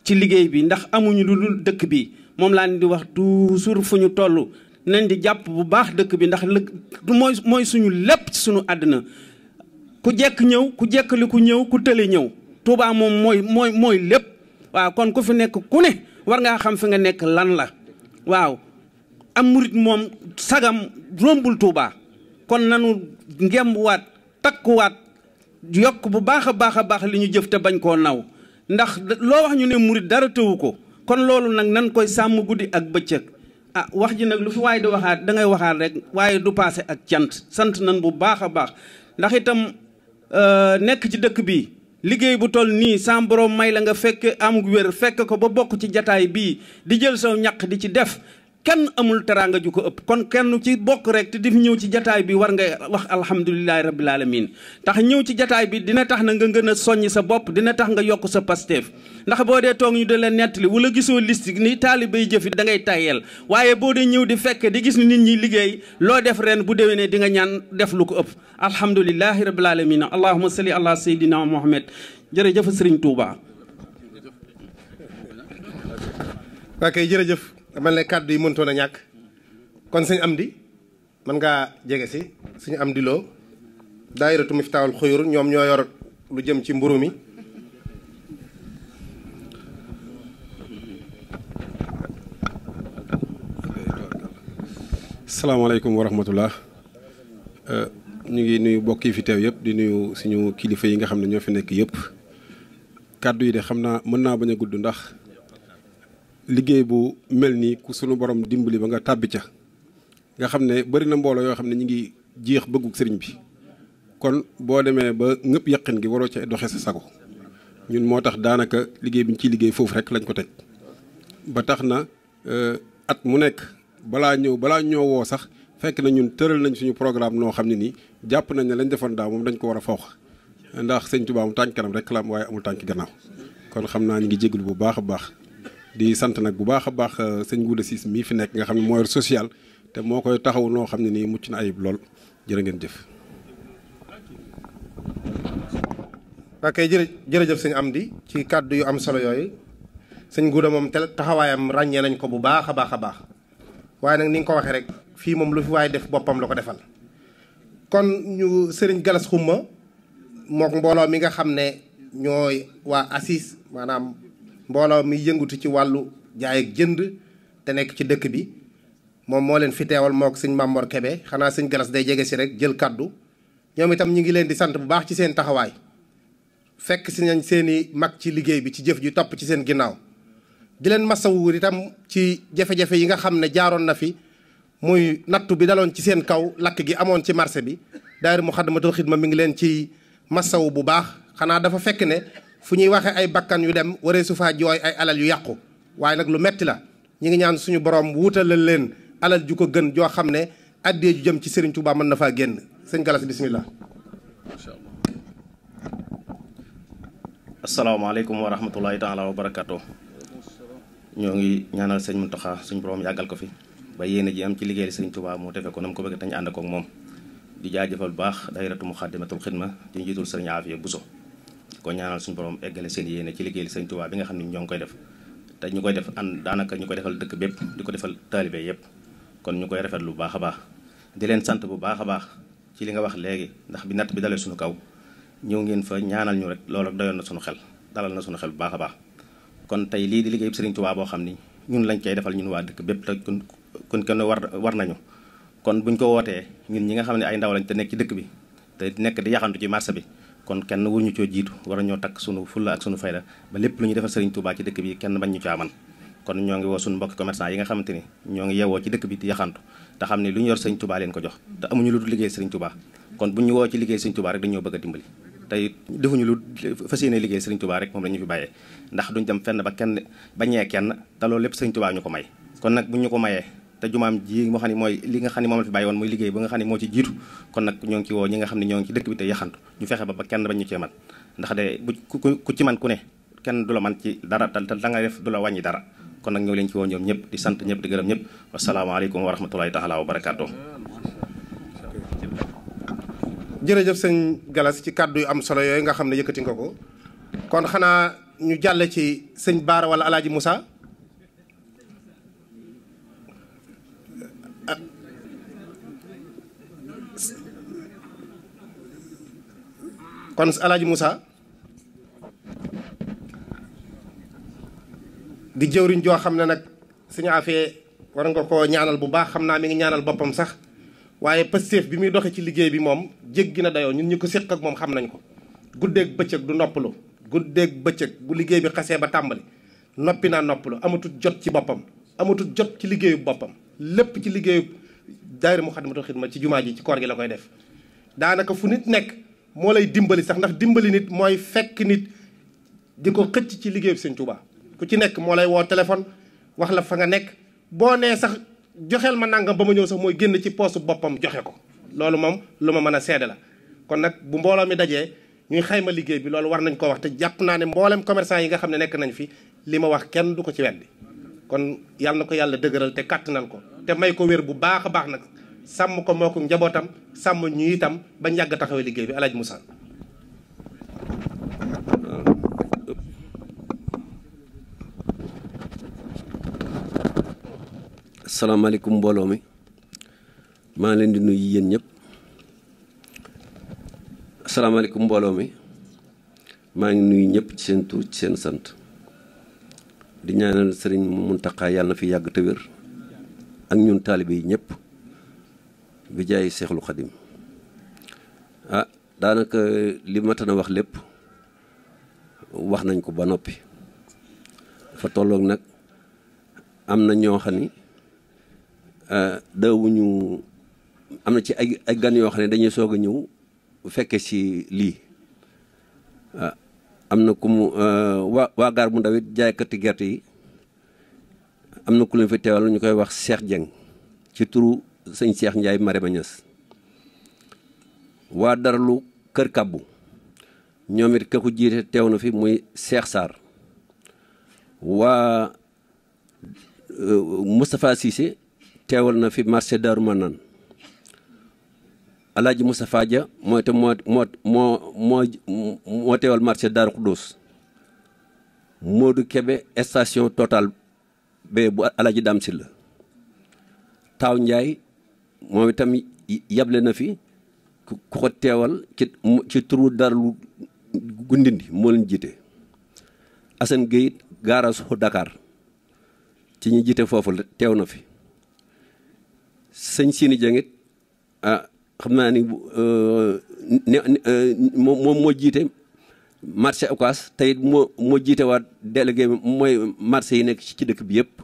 ci liggéey bi ndax amuñu lu dul dëkk bi moom laa di wax toujours fu ñu toll nañ di jàpp bu baax dëkk bi ndax lë mooy mooy suñu lépp suñu àddina ku jekk ñëw ku jekkali ku ñëw ku tële ñëw Tuubaa moom mooy mooy mooy lépp waaw kon ku fi nekk ku ne war ngaa xam fi nga nekk lan la waaw am murit moom sagam rombul Tuubaa kon nanu ngembuwaat takkuwaat yokk bu baax a baax a baax li ñu jëf te bañ koo naw ndax loo wax ñu ne murit dara tëwu ko kon loolu nag nan koy sàmm guddi ak bëccëg ah wax ji nag lu fi waaye di waxaat da ngay waxaat rek waaye du paase ak cant sant nan bu baax a baax ndax itam euh, nekk ci dëkk bi liggéey bu toll nii samborom may la nga fekk am wér fekk ko ba bokk ci jataay bii di jël saw ñaq di ci def kenn amul teraanga ju ko ëpp kon kenn ci bokk rek te di ñëw ci jataay bi war nga wax alhamdulilahi rabbil alamin tax ñëw ci jataay bi dina tax na nga gën a soññ sa bopp dina tax nga yokk sa pasteef ndax boo dee toog ñu di la nettali wala gisoo listik ni taalibay jëfi da ngay tayyel waaye boo dee ñëw di fekk di gis nit ñuy liggéey loo def reen bu déwénee di nga ñaan def lu ko ëpp alhamdulilahi rabbil alamin allahuma salli ala sayyidina muhammad jërëjëf sëriñ Touba. ok jërëjëf man lay kàddu yi mëntoon a ñàkk kon sëñ di mën ngaa jege si suñu Amdi Lo daayiratu Miftaahul Xuyur ñoom ñoo yor lu jëm ci mburu mi salaamaaleykum wa rahmatullah euh, ñu ngi nuyu mbokk yi fi teew yëpp di nuyu suñu kilifa yi nga xam ne ñoo fi nekk yépp kàddu yi de xam naa mën naa bañ a gudd ndax liggéey bu mel nii ku sunu borom dimbali ba nga tàbbi ca nga xam ne bari na mbooloo yoo xam ne ñu ngi jiix bëggu sëriñ bi kon boo demee ba ñëpp yaqin gi waroo ca doxee sa sago ñun moo tax daanaka liggéey bi ñu ciy liggéey foofu rek lañ ko teg ba tax na euh, at mu nekk balaa ñëw balaa ñoo sax fekk na ñun tëral nañ suñu programme noo xam ne nii jàpp nañ ne lañ defoon daaw moom dañ ko war a fawx ndax sëñ Tuubaa mu tànk kanam rek la am waaye amul tànk gannaaw kon xam naa ñu ngi jégalu bu baax a baax. di sant nag bu baax a baax euh, sëñ Gouda Ciss mii fi nekk nga xam ne mooy social te moo koy taxaw noo xam ne ni mucc na ayib lool jërë ngeen jëf. ok jërë jërëjëf sëñ di ci kàddu yu am solo yooyu sëñ Gouda moom taxawaayam ràññee nañ ko bu baax a baax a baax waaye nag ni nga ko waxee rek fii moom lu fi waaye def boppam la ko defal. kon ñu sëriñ Galas Xumma mook mbooloo mi nga xam ne ñooy waa ACIS maanaam. mbooloo mi yëngatu ci wàllu jaay ak jënd te nekk ci dëkk bi moom moo leen fi teewal mook sëñ Mamor Kebe xanaa sëñ Galas day jege si rek jël kàddu ñoom itam ñu ngi leen di sant bu baax ci seen taxawaay fekk si nañ seen i mag ci liggéey bi ci jëf ji topp ci seen ginnaaw di leen masawu itam ci jafe yi nga xam ne jaaroon na fi muy nattu bi daloon ci seen kaw lakk gi amoon ci marché bi daayira Muxaddamatul Xidma mi ngi leen ci masawu bu baax xanaa dafa fekk ne fu ñuy waxee ay bakkan yu dem waree su faa jooy ay alal yu yàqu waaye nag lu metti la ñi ngi ñaan suñu borom wuutalal leen alal ju ko gën joo xam ne addee ju jëm ci sëriñ Touba mën na faa génn sëñ Galas bisimilah. macha allah asalaamaaleykum wa rahmatulahi taala wa barakaatu. ñoo ngi ñaanal sëñ Mountakha suñu borom yàggal ko fi ba yéene ji ci liggéeyal Serigne Touba mu defee ko na mu ko bëgg te ñu ànd koog moom di jaajëfal bu baax daayiratu Muxaddamatul Xidma di njiitul sëriñ Afiya Buso ko ñaanal suñu borom eggale seen yéene ci liggéeyal sëñ Tuubaa bi nga xam ne ñoo ngi koy def te ñu koy def an daanaka ñu ko defal dëkk bépp di ko defal taalibe yépp kon ñu koy rafet lu baax a baax di leen sant bu baax a baax ci li nga wax léegi ndax bi natt bi dalee suñu kaw ñëw ngeen fa ñaanal ñu rek loolu doyoon na suñu xel dalal na suñu xel bu baax a baax kon tey lii di liggéeyub sëriñ Tuubaa boo xam ni ñun lañ koy defal ñun waa dëkk bépp te kun kenn war war nañu kon buñ ko wootee ñun ñi nga xam ne ay ndaw lañ te nekk ci dëkk bi te nekk di yaxantu ci marché bi kon kenn ñu coo jiitu war ñoo takk sunu fulla ak sunu fayda ba lépp lu ñu defal Serigne Touba ci dëkk bi kenn bañ ñu caa man kon ñoo ngi woo suñu mbokki commerçant yi nga xamante ni ñoo ngi yewoo ci dëkk bi di yaxantu te xam ne lu ñu yor Serigne Touba leen ko jox te amuñu lu liggéey Serigne Touba kon bu ñu woo ci liggéey Serigne Touba rek dañoo bëgg a dimbali tey defuñu lu fa yéene liggéey Serigne Touba rek moom la ñu fi bàyyee ndax duñ dem fenn ba kenn bañee kenn te loolu lépp Serigne Touba ñu ko may kon nag buñ ñu ko mayee te jumaam ji moo xam ne mooy li nga xam ne moom la fi bàyyi woon muy liggéey ba nga xam ne moo ci jiitu kon nag ñoo ngi ci woo ñi nga xam ne dëkk bi te yaxantu ñu fexe ba ba kenn bañ ñu cee man ndax de bu ku ci man ku ne kenn du la man ci dara te da nga def du la wàññi dara kon nag ñoo leen ci woo ñoom ñëpp di sant ñëpp di gërëm ñëpp wasalaamaaleykum wa rahmatulahi taala wa barakaatu jërëjëf sëñ Galas ci kàddu yu am solo yooyu nga xam ne yëkkati nga ko kon xanaa ñu jàll ci sëñ Baara wala Alaaji Moussa kon alaaji Moussa di jëwriñ joo xam ne nag suñu affaire war nga ko ñaanal bu baax xam naa mi ngi ñaanal boppam sax waaye Pastef bi muy doxee ci liggéey bi moom jéggi na dayoo ñun ñu ko séq ak moom xam nañ ko guddeeg bëccëg du noppalu guddeeg bëccëg bu liggéey bi xasee ba tàmbali noppi naa noppalu amatul jot ci boppam amatul jot ci liggéeyu boppam lépp ci liggéeyu daayira Muxaddamatul Xidma ci jumaa ji ci koor gi la koy def daanaka fu nit nekk moo lay dimbali sax ndax dimbali nit mooy fekk nit di ko xëcc ci liggéeyu Sëñ Tuubaa ku ci nekk moo lay woo téléphone wax la fa nga nekk boo nee sax joxeel ma nangam ba ma ñëw sax mooy génn ci poosu boppam joxe ko loolu moom lu ma mën a seede la kon nag bu mbooloo mi dajee ñuy xayma liggéey bi loolu war nañ ko wax te jàpp naa ne mboolem commerçant yi nga xam ne nekk nañ fi li ma wax kenn du ko ci wet bi kon yàlla na ko yàlla dëgëral te kàttanal ko te may ko wér bu baax a baax nag sàmm ko moo ko njabootam sàmm ñu itam bañ yàgg taxawee liggéey bi alaaj Moussa asalaamaaleykum mbooloo mi maa ngi leen di nuyu yéen ñëpp asalaamaaleykum mbooloo mi maa ngi nuyu ñëpp ci seen tur ci seen sant di ñaanal sëriñ Mountakha yàlla na fi yàgg te wér ak ñun taalibe yi ñëpp bi jaay seexlu xadim ah daanaka eh, li mata wax lépp wax nañ ko ba noppi fa tolloog nag am na ñoo xam ni ah, am na ci ay ay gan yoo xam ne dañuy soog a ñëw fekkee si lii ah am na ku mu ah, waa waa gaar bu ndaw jaaykati gerte yi am na ku leen fi teewal ñu koy wax Cheikh Dieng ci turu sëñ Cheikh Ndiaye Marema Niass waa Darlu Kër kàbbu ñoom it ka jiite teew na fi muy Cheikh Sarr waa euh, Moustapha Cissé teewal na fi marché Darou Manane Alaaji Moustapha Dia mooy te moo moo moo moo moo teewal marché Darou Khoudoss Modou Kebe station Total ba bu Alaaji Dam Silla Taw Ndiaye moom itam yable na fi ku ko teewal ci ci turu gundindi moo leen jiite Assane Gueye gaarasu Dakar ci ñi jiite foofu teew na fi sëñ Sini Dieng ah xam naa ni euh, euh, moom moo jiite marché Ocass te moo moo jiite waa délégué mooy marché yi nekk ci dëkk bi yëpp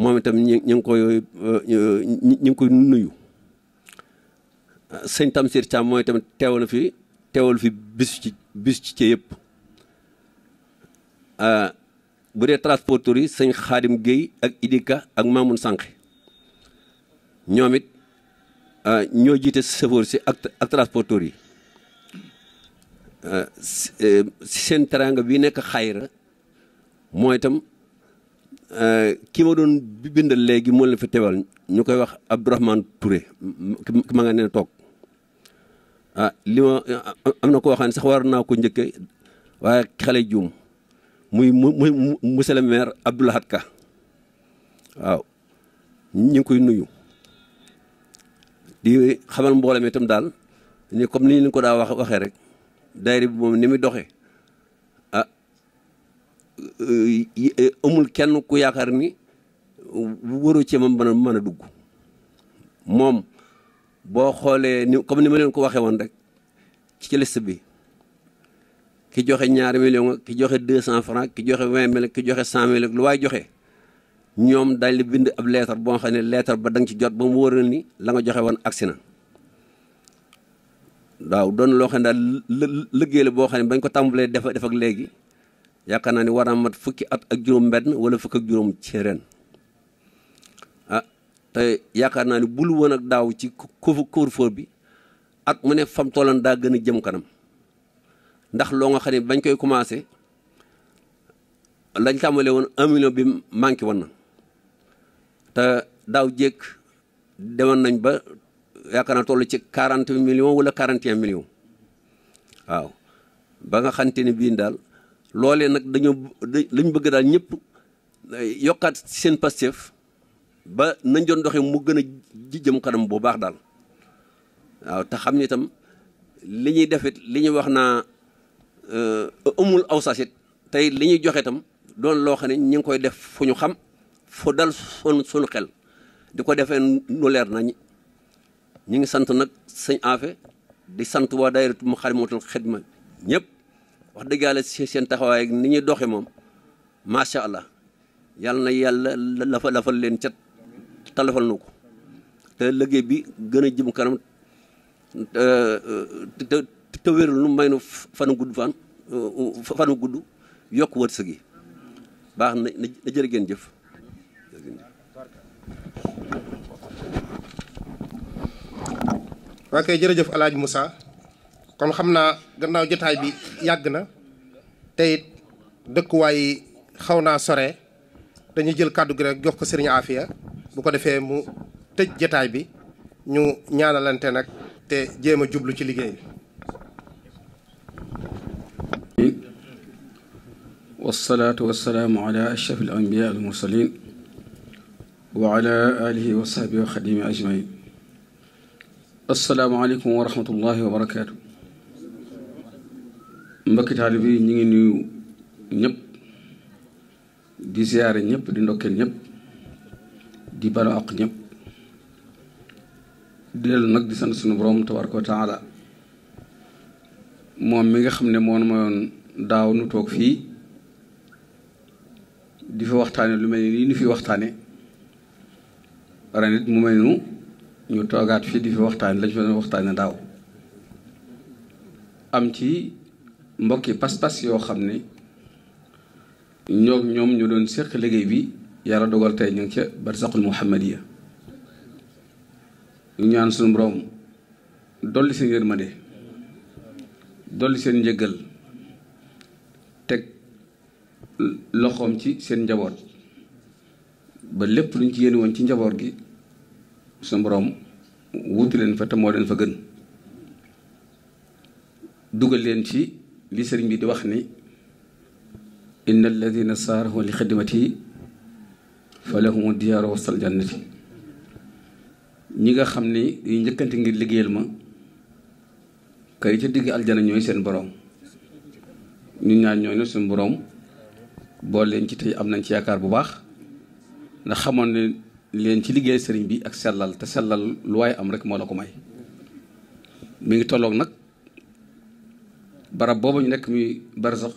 moom itam ñu ñu ngi koy euh, euh, ñu ngi koy nuyu sëñ Tamsir Thiam mooy itam teewal fi teewal fi bis ci bis ci ci yëpp euh, bu dee transporteur yi sëñ Xaadim Guèye ak Idika ak Mamoun Sànq ñoom it ñoo jiite chauffeur si ak ak transporteur seen teranga bi nekk xayra mooy itam Euh, ki ma doon bindal léegi moo leen fi teewal ñu koy wax Abdourahmane Touré ma nga ne toog ah li ma am na koo xam ne sax war naa ko njëkke waaye xale juum muy muy monsieur le maire Ka waaw ñu ngi koy nuyu di xamal mboolem itam daal ni comme ni ñu ko daa wax waxee rek daayira bi moom ni muy doxee Eh, amul kenn ku yaakaar ni waroo ci man mën a mën a dugg moom boo xoolee ni comme ni ma leen ko waxee woon rek ci liste bi ki joxe ñaari million ki joxe deux cent franc ki joxe vingt mille ki joxe cent mille lu waay joxe ñoom daal di bind ab leetar boo xam ne leetar ba dang ci jot ba mu wóoral ni la nga joxe woon agsi na waaw doon loo xam ne daal liggéey la boo xam ne bañ ko tàmbalee def def ak léegi yaakaar naa ni war naa mat fukki at ak juróom benn wala fukk ak juróom ci ren ah, te yaakaar naa ne bul woon ak daaw ci couvre-feu bi at mu ne fam tolloon daa gën a jëm kanam ndax loo nga xam ne bañ koy commencé lañ tàmbalee woon un million bi manqué woon na te daaw jekk demoon nañ ba yaakaar naa toll ci quarante million wala quarante et un waaw ba nga xamante ni bii daal loolee nag dañoo lañ bëgg daal ñëpp eh, yokkaat seen pastef ba nañ doon doxee mu gën a jëm kanam bu baax daal waaw te xam ne itam li ñuy defit li ñuy wax naa eh, amul aw sasit tey li ñuy joxe itam doon loo xam ne ñu ngi koy def fu ñu xam fu dal son sunu xel di ko defee nu leer nañ ñu ngi sant nag sëñ Afe di sant waa daayiratu xet ma ñëpp wax dëgg yàlla seen taxawaay ni ñuy doxe moom macha allah yàlla na yàlla lafa lafal leen ca talafal nu ko te liggéey bi gën a jëm kanam te te wérul nu may nu fanu gudd fan fanu gudd yokk wërsëg yi baax na na jërë ngeen jëf kon xam naa gannaaw jotaay bi yàgg na te dëkkuwaay xaw naa sore dañuy jël kàddu gi rek jox ko sëriñ Afia bu ko defee mu tëj jataay bi ñu ñaanalante nag te jéem a jublu ci liggéey bi wasalaatu wasalaamu ala ashraf al anbiya al mursalin wa ala wa sahbihi wa xadimi ajmain wa rahmatullahi wa barakaatu mbokki taalibe yi ñu ngi nuyu ñëpp di siyaare ñépp di ndokkeel ñëpp di balu ak ñëpp di dellu nag di sant sunu borom tabaraka wa taala moom mi nga xam ne moom mayoon daaw nu toog fii di fi waxtaane lu mel ni nu fi waxtaane ren it mu mel nu ñu toogaat fii di fi waxtaane lañu fa doon waxtaane daaw am ci mbokki pas-pas yoo xam ne ñoo ñoom ñu doon séq liggéey bi yàlla dogal tey ñu ngi ca barsaqul muhammadiya ñaan su borom dolli seen yërmande dolli seen njëgal teg loxoom ci seen njaboot ba lépp luñ ci yéene woon ci njaboot gi su borom wuti leen fa te moo leen fa gën dugal leen ci li sëriñ bi di wax ni inna alladina saarahu li xidmati fa lahum diyaaru wasal jannati ñi nga xam ni yu njëkkante ngir liggéeyal ma kay ca digg aljana ñooy seen boroom ñu ñaar ñooy na suñu borom bool leen ci tey am nañ ci yaakaar bu baax ndax xamoon ne leen ci liggéey sëriñ bi ak sellal te sellal lu waaye am rek moo la ko may mi ngi tolloog nag barab boobu ñu nekk mi barzaq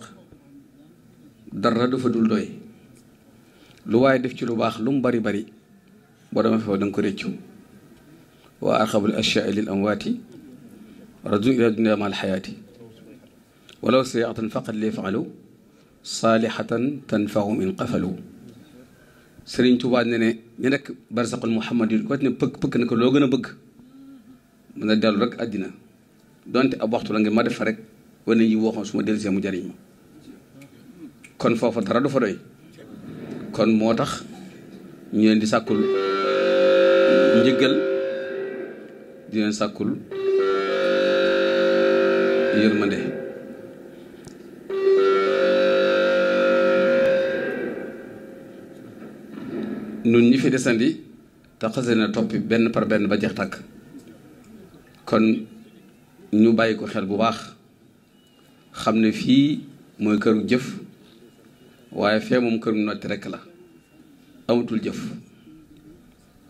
dara dafa dul doy lu waaye def ci lu baax lu bari bari boo demee foofu da nga ko réccu waa arxabul ashyaa lil amwaati raju ila li faalu saalihatan tanfahum in qafalu sëriñ Tuubaa ne ne ñu nekk barzaqul muhammad yi ko pëkk pëkk na ko loo gën a bëgg mën a dellu rek àddina donte ab waxtu la nga ma def fa rek wala yi waxoon suma ma dellusee mu jariñ ma kon foofa dara du fa doy kon moo tax ñu leen di sàkkul njëggal di leen sàkkul yërmande nun ñi fi desandi te xase na toppi benn par benn ba jeex tàkk kon ñu bàyyi ko xel bu baax xam ne fii mooy këru jëf waaye fee moom kër këru notti rekk la amatul jëf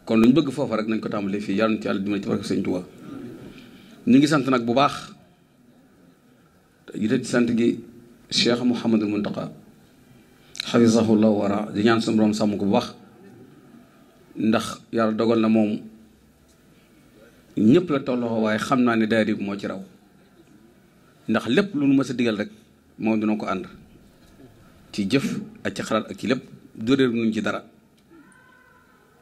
kon lu ñu bëgg foofa rek nañ ko tàmbalee fii yàlla na ci yàlla dimbali ci barke Sëñ Tuubaa ñu ngi sant nag bu baax te ci sant gi Cheikh Mouhamadul Muntaqa xafisahullahu wara di ñaan suñu borom sàmm ko bu baax ndax yàlla dogal na moom ñëpp la tolloo waaye xam naa ne daayira bi moo ci raw ndax lépp lu nu mës a digal rek moom dina ko ànd ci jëf ak ci xalaat ak ci lépp dóoréer nuñ ci dara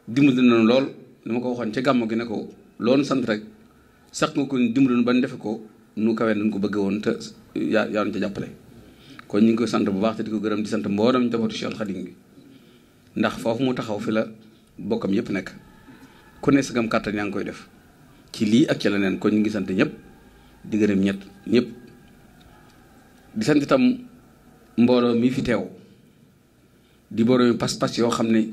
dimbali nañu lool li ma ko waxoon ca gàmmu gi ne ko loolu sant rek sax nga ko dimbali ba ñu defe ko nu kawee nañ ko bëgg woon te yaa yaa ca jàppale kon ñu ngi koy sant bu baax te di ko gërëm di sant mboolem njabootu Cheikh Khadim bi ndax foofu mu taxaw fi la bokkam yëpp nekk ku ne kàttan yaa ngi koy def ci lii ak ci leneen kon ñu ngi sant ñëpp di gërëm ñett ñëpp di sant itam mbooloo mii fi teew di boroomi pas-pas yoo xam ne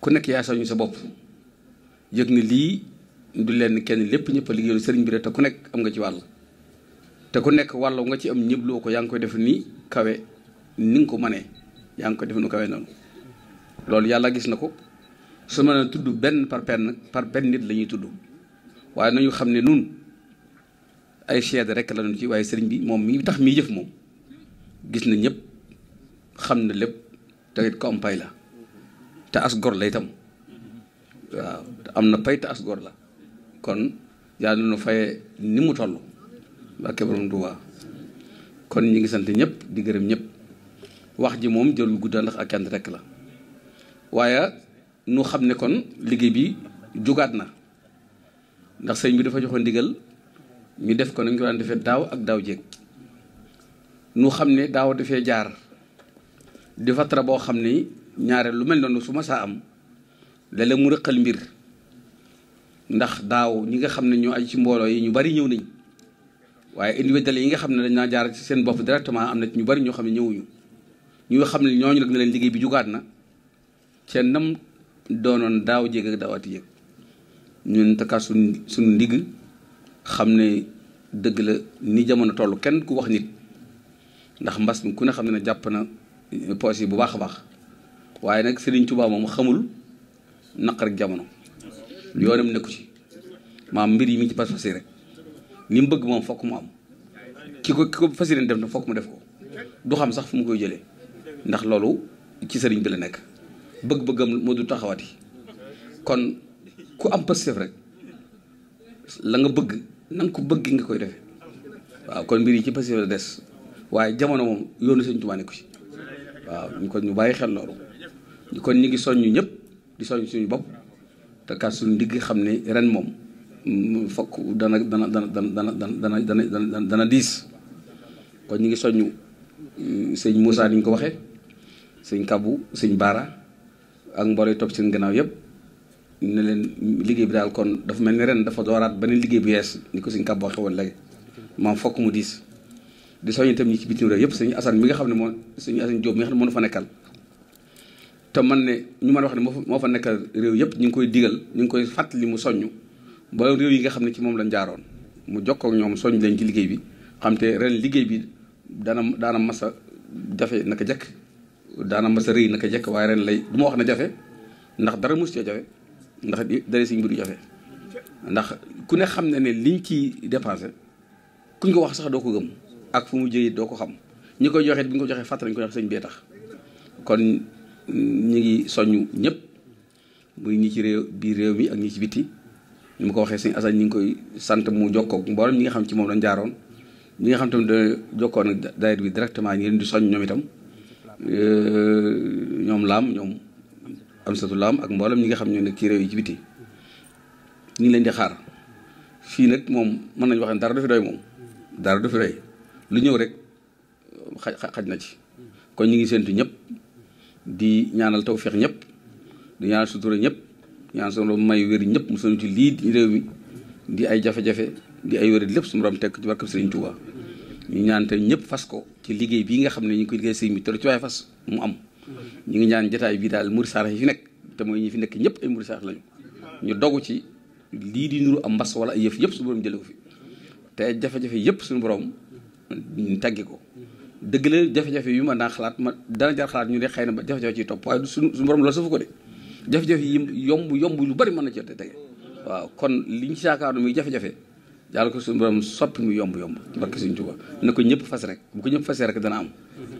ku nekk yaa soñu sa bopp yëg ne lii du leen kenn lépp ñëpp a sëriñ bi rek te ku nekk am nga ci wàll te ku nekk wàll nga ci am ñëbloo ko yaa ngi koy def nii kawe ni nga ko mënee yaa ngi koy def nu kawe noonu loolu yàlla gis na ko su mën tudd benn par benn par benn nit lañuy tudd waaye nañu xam ne nun ay seede rek la ci waaye sëriñ bi moom mi tax mi jëf moom gis na ñëpp xam na lépp te it ko am pay la te asgor gor la itam waaw am na pay te as la kon yàlla na faye ni mu toll barke borom Tuubaa kon ñu ngi sant ñëpp di gërëm ñëpp wax ji moom jërul gudda ndax ak kenn rek la waaye nu xam ne kon liggéey bi jógaat na ndax sëñ bi dafa joxoon ndigal ñu def ko nañ ko daan defee daaw ak daaw jéeg nu xam ne daaw dafee jaar di fatara boo xam ne ñaare lu mel noonu su ma saa am léeg mu rëqal mbir ndax daaw ñi nga xam ne ñu aju ci mbooloo yi ñu bari ñëw nañ waaye individuel yi nga xam ne dañ naa jaar ci seen bopp directement am na ñu bari ñoo xam ne ñëwuñu ñu nga xam ne ñooñu lag ne leen liggéey bi jugaat na seen nam doonoon daaw jéeg ak daawaati ñu ñun takkaat suñ suñu ndigg xam ne dëgg la ni jamono toll kenn ku wax nit ndax mbas mi ku ne xam ne jàpp na eh, poos yi bu baax a baax waaye nag sëriñ Touba moom xamul naqar ak jamono yoonam nekku ci maam mbir yi mi ci pas fas yi rek ni mu bëgg moom fokk mu am ki ko ki ko fas yéene def na fokk mu def ko du xam sax fu mu koy jëlee ndax loolu ci sëriñ bi la nekk bëgg-bëggam moo du taxawati kon ku am positif rek la nga bëgg na ko bëgg nga koy defe waaw kon mbir yi ci passé des waaye jamono moom yoonu Sëñ Tuubaa nekku ci waaw ñu ko ñu bàyyi xel loolu kon ñu ngi soññu ñëpp di soññ suñu bopp te kat suñu xam ne ren moom fokk dana dana dana dana dana dana dana diis kon ñu ngi soññu mm, sëñ Moussa ni ñu ko waxee sëñ kabu sëñ Baara ak mbor yi topp seen gannaaw yëpp ne leen liggéey bi daal kon dafa mel ni ren dafa dooraat beneen liggéey bu yees ni ko suñ kàbboo xewoon léegi maam fokk mu diis di soññ itam ñi ci bitim réew yëpp suñu asan mi nga xam ne moo suñu asan Jóob mi nga xam fa nekkal te man ne ñu mën a ne moo fa nekkal réew yëpp ñu ngi koy digal ñu ngi koy fàttali mu soññ ba réew yi nga xam ne ci moom lañ jaaroon mu jokkoo ak ñoom soññ leen ci liggéey bi xam te ren liggéey bi daana daana masa jafe naka jekk daana masa rëy naka jekk waaye ren lay du wax ne jafe ndax dara mos cee jafe ndax siñ si mbiru jafe ndax ku ne xam na ne liñ ci dépensé kuñ ko wax sax doo ko gëm ak fu mu jëyee doo ko xam ñi koy joxe bu ñu ko joxee fàttali ko ndax sëñ bee tax kon ñu ngi soññu ñëpp muy ñi ci réew biir réew mi ak ñu ci biti ñu ma ko waxee sëñ Assane ñu ngi koy sant mu jokkoog mboolem ñi nga xam ci moom dañ jaaroon ñi nga xam tamit da jokkoon ak bi directement ñi leen di soñ ñoom itam euh, ñoom laam ñoom am Amsatou Lam ak mboolem ñi nga xam ñoo nekk ci réew yi ci biti ñu ngi leen di xaar fii nag moom mën nañu wax ne dara du fi doy moom dara du fi doy lu ñëw rek xaj xaj na ci kon ñu ngi séntu ñëpp di ñaanal taw tawféex ñëpp di ñaanal sutura ñëpp ñaan sunu may wér ñëpp mu sunu ci lii réew mi di ay jafe-jafe di ay wér lépp su ma doon teg ci barkam Sëriñ Tuubaa ñu ñaan te ñëpp fas ko ci liggéey bii nga xam ne ñu ngi koy liggéey sëriñ bi te lu ci waaye fas mu am ñu ngi ñaan jotaay bii daal murid sarax yi fi nekk te mooy ñi fi nekk ñëpp ay murid sarax lañu ñu doggu ci lii di nuru am mbas wala ay yëf yëpp su borom jëlee fi te jafe-jafe yëpp suñu borom taggi ko dëgg la jafe yu ma naa xalaat ma dana jar xalaat ñu ne xëy na ba jafe-jafe ciy topp waaye suñu suñu borom loolu safu ko de jafe-jafe yi yomb yomb lu bari mën na ci tege waaw kon liñ ci yaakaar muy jafe-jafe jaal ko su borom soppi mu yomb yomb barke sëñ Tuubaa na ko ñëpp fas rek bu ko ñëpp fasee rek dana am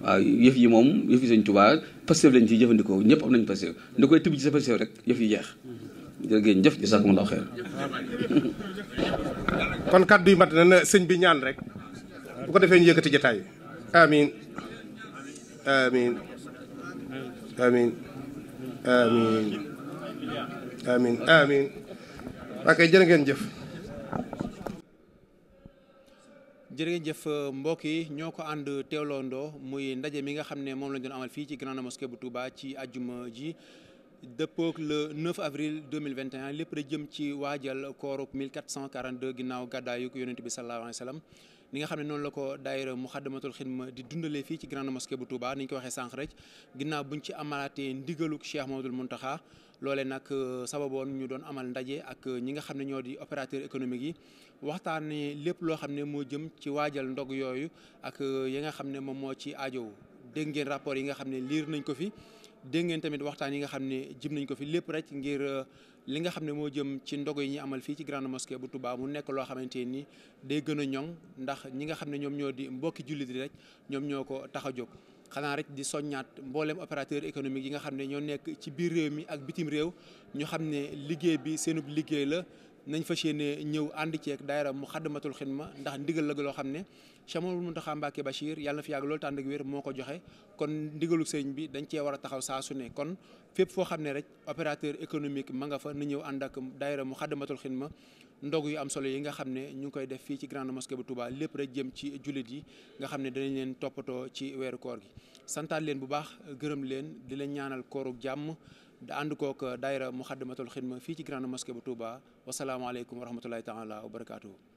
waaw yëf yi moom yëf yi sëñ Tuubaa pasteef lañ ciy jëfandikoo ñëpp am nañ pasteef da koy rek yëf yi jeex jërëjëf jëf jazakumullahu xeer kon kàddu yu mat na sëñ bi ñaan rek bu ko defee ñu yëkkati jotaay amin ngeen jëf jërëjëf euh, mbokk yi ñoo ko ànd teewloondoo muy ndaje mi nga xam ne moom lañ doon amal fii ci grande mosquée bu Touba ci ajjuma ji dëppook le 9 avril 2021 lépp da jëm ci waajal kooruk 1442 ginnaaw gàddaayuk yonent bi sallallahu alayhi wa sallam ni nga xam ne noonu la ko daayira Muxaddamatul Xidma di dundale fii ci grande mosquée bu Touba ni ñu ko waxee sànq rek ginnaaw buñ ci amalaatee ndigaluk Cheikh Mamadul Muntaxa loole nag euh, sababoon ñu doon amal ndaje ak euh, ñi nga xam ne ñoo di opérateur économique yi waxtaanee lépp loo xam ne moo jëm ci waajal ndog yooyu ak euh, yi nga xam ne moom moo ci aajow dégg ngeen rapport yi nga xam ne liir nañ ko fi dégg ngeen tamit waxtaan yi nga xam ne jib nañ ko fi lépp rek ngir li nga xam ne moo jëm ci ndog yi ñuy amal fii ci grande mosquée bu tubaab mu nekk loo xamante ni day gën a ñoŋ ndax ñi nga xam ne ñoom ñoo di mbokki jullit rek ñoom ñoo ko tax a jóg. xanaa rek di soññaat mboolem opérateur économique yi nga xam ne ñoo nekk ci biir réew mi ak bitim réew ñu xam ne liggéey bi seenub liggéey la nañ fas yéene ñëw ànd ceeg daayira mu xaddamatul xidma ndax ndigal la loo xam ne Chamal Muntaxa Mbàkke Bachir yàlla na fi yàgg loolu tànd ak wér moo ko joxe kon ndigalu sëñ bi dañ cee war a taxaw saa su ne kon fépp foo xam ne rek opérateur économique ma nga fa na ñëw ànd ak daayira mu xadd matul xaddamatul ma ndog yu am solo yi nga xam ne ñu ngi koy def fii ci grande mosquée bu Touba lépp rek jëm ci jullit yi nga xam ne danañ leen toppatoo ci weeru koor gi santaat leen bu baax gërëm leen di leen ñaanal kooru jàmm da ànd kook daayira Muxaddamatul Xidma fii ci grande mosquée bu Touba wasalaamaaleykum wa rahmatulahi taala wa barakaatuhu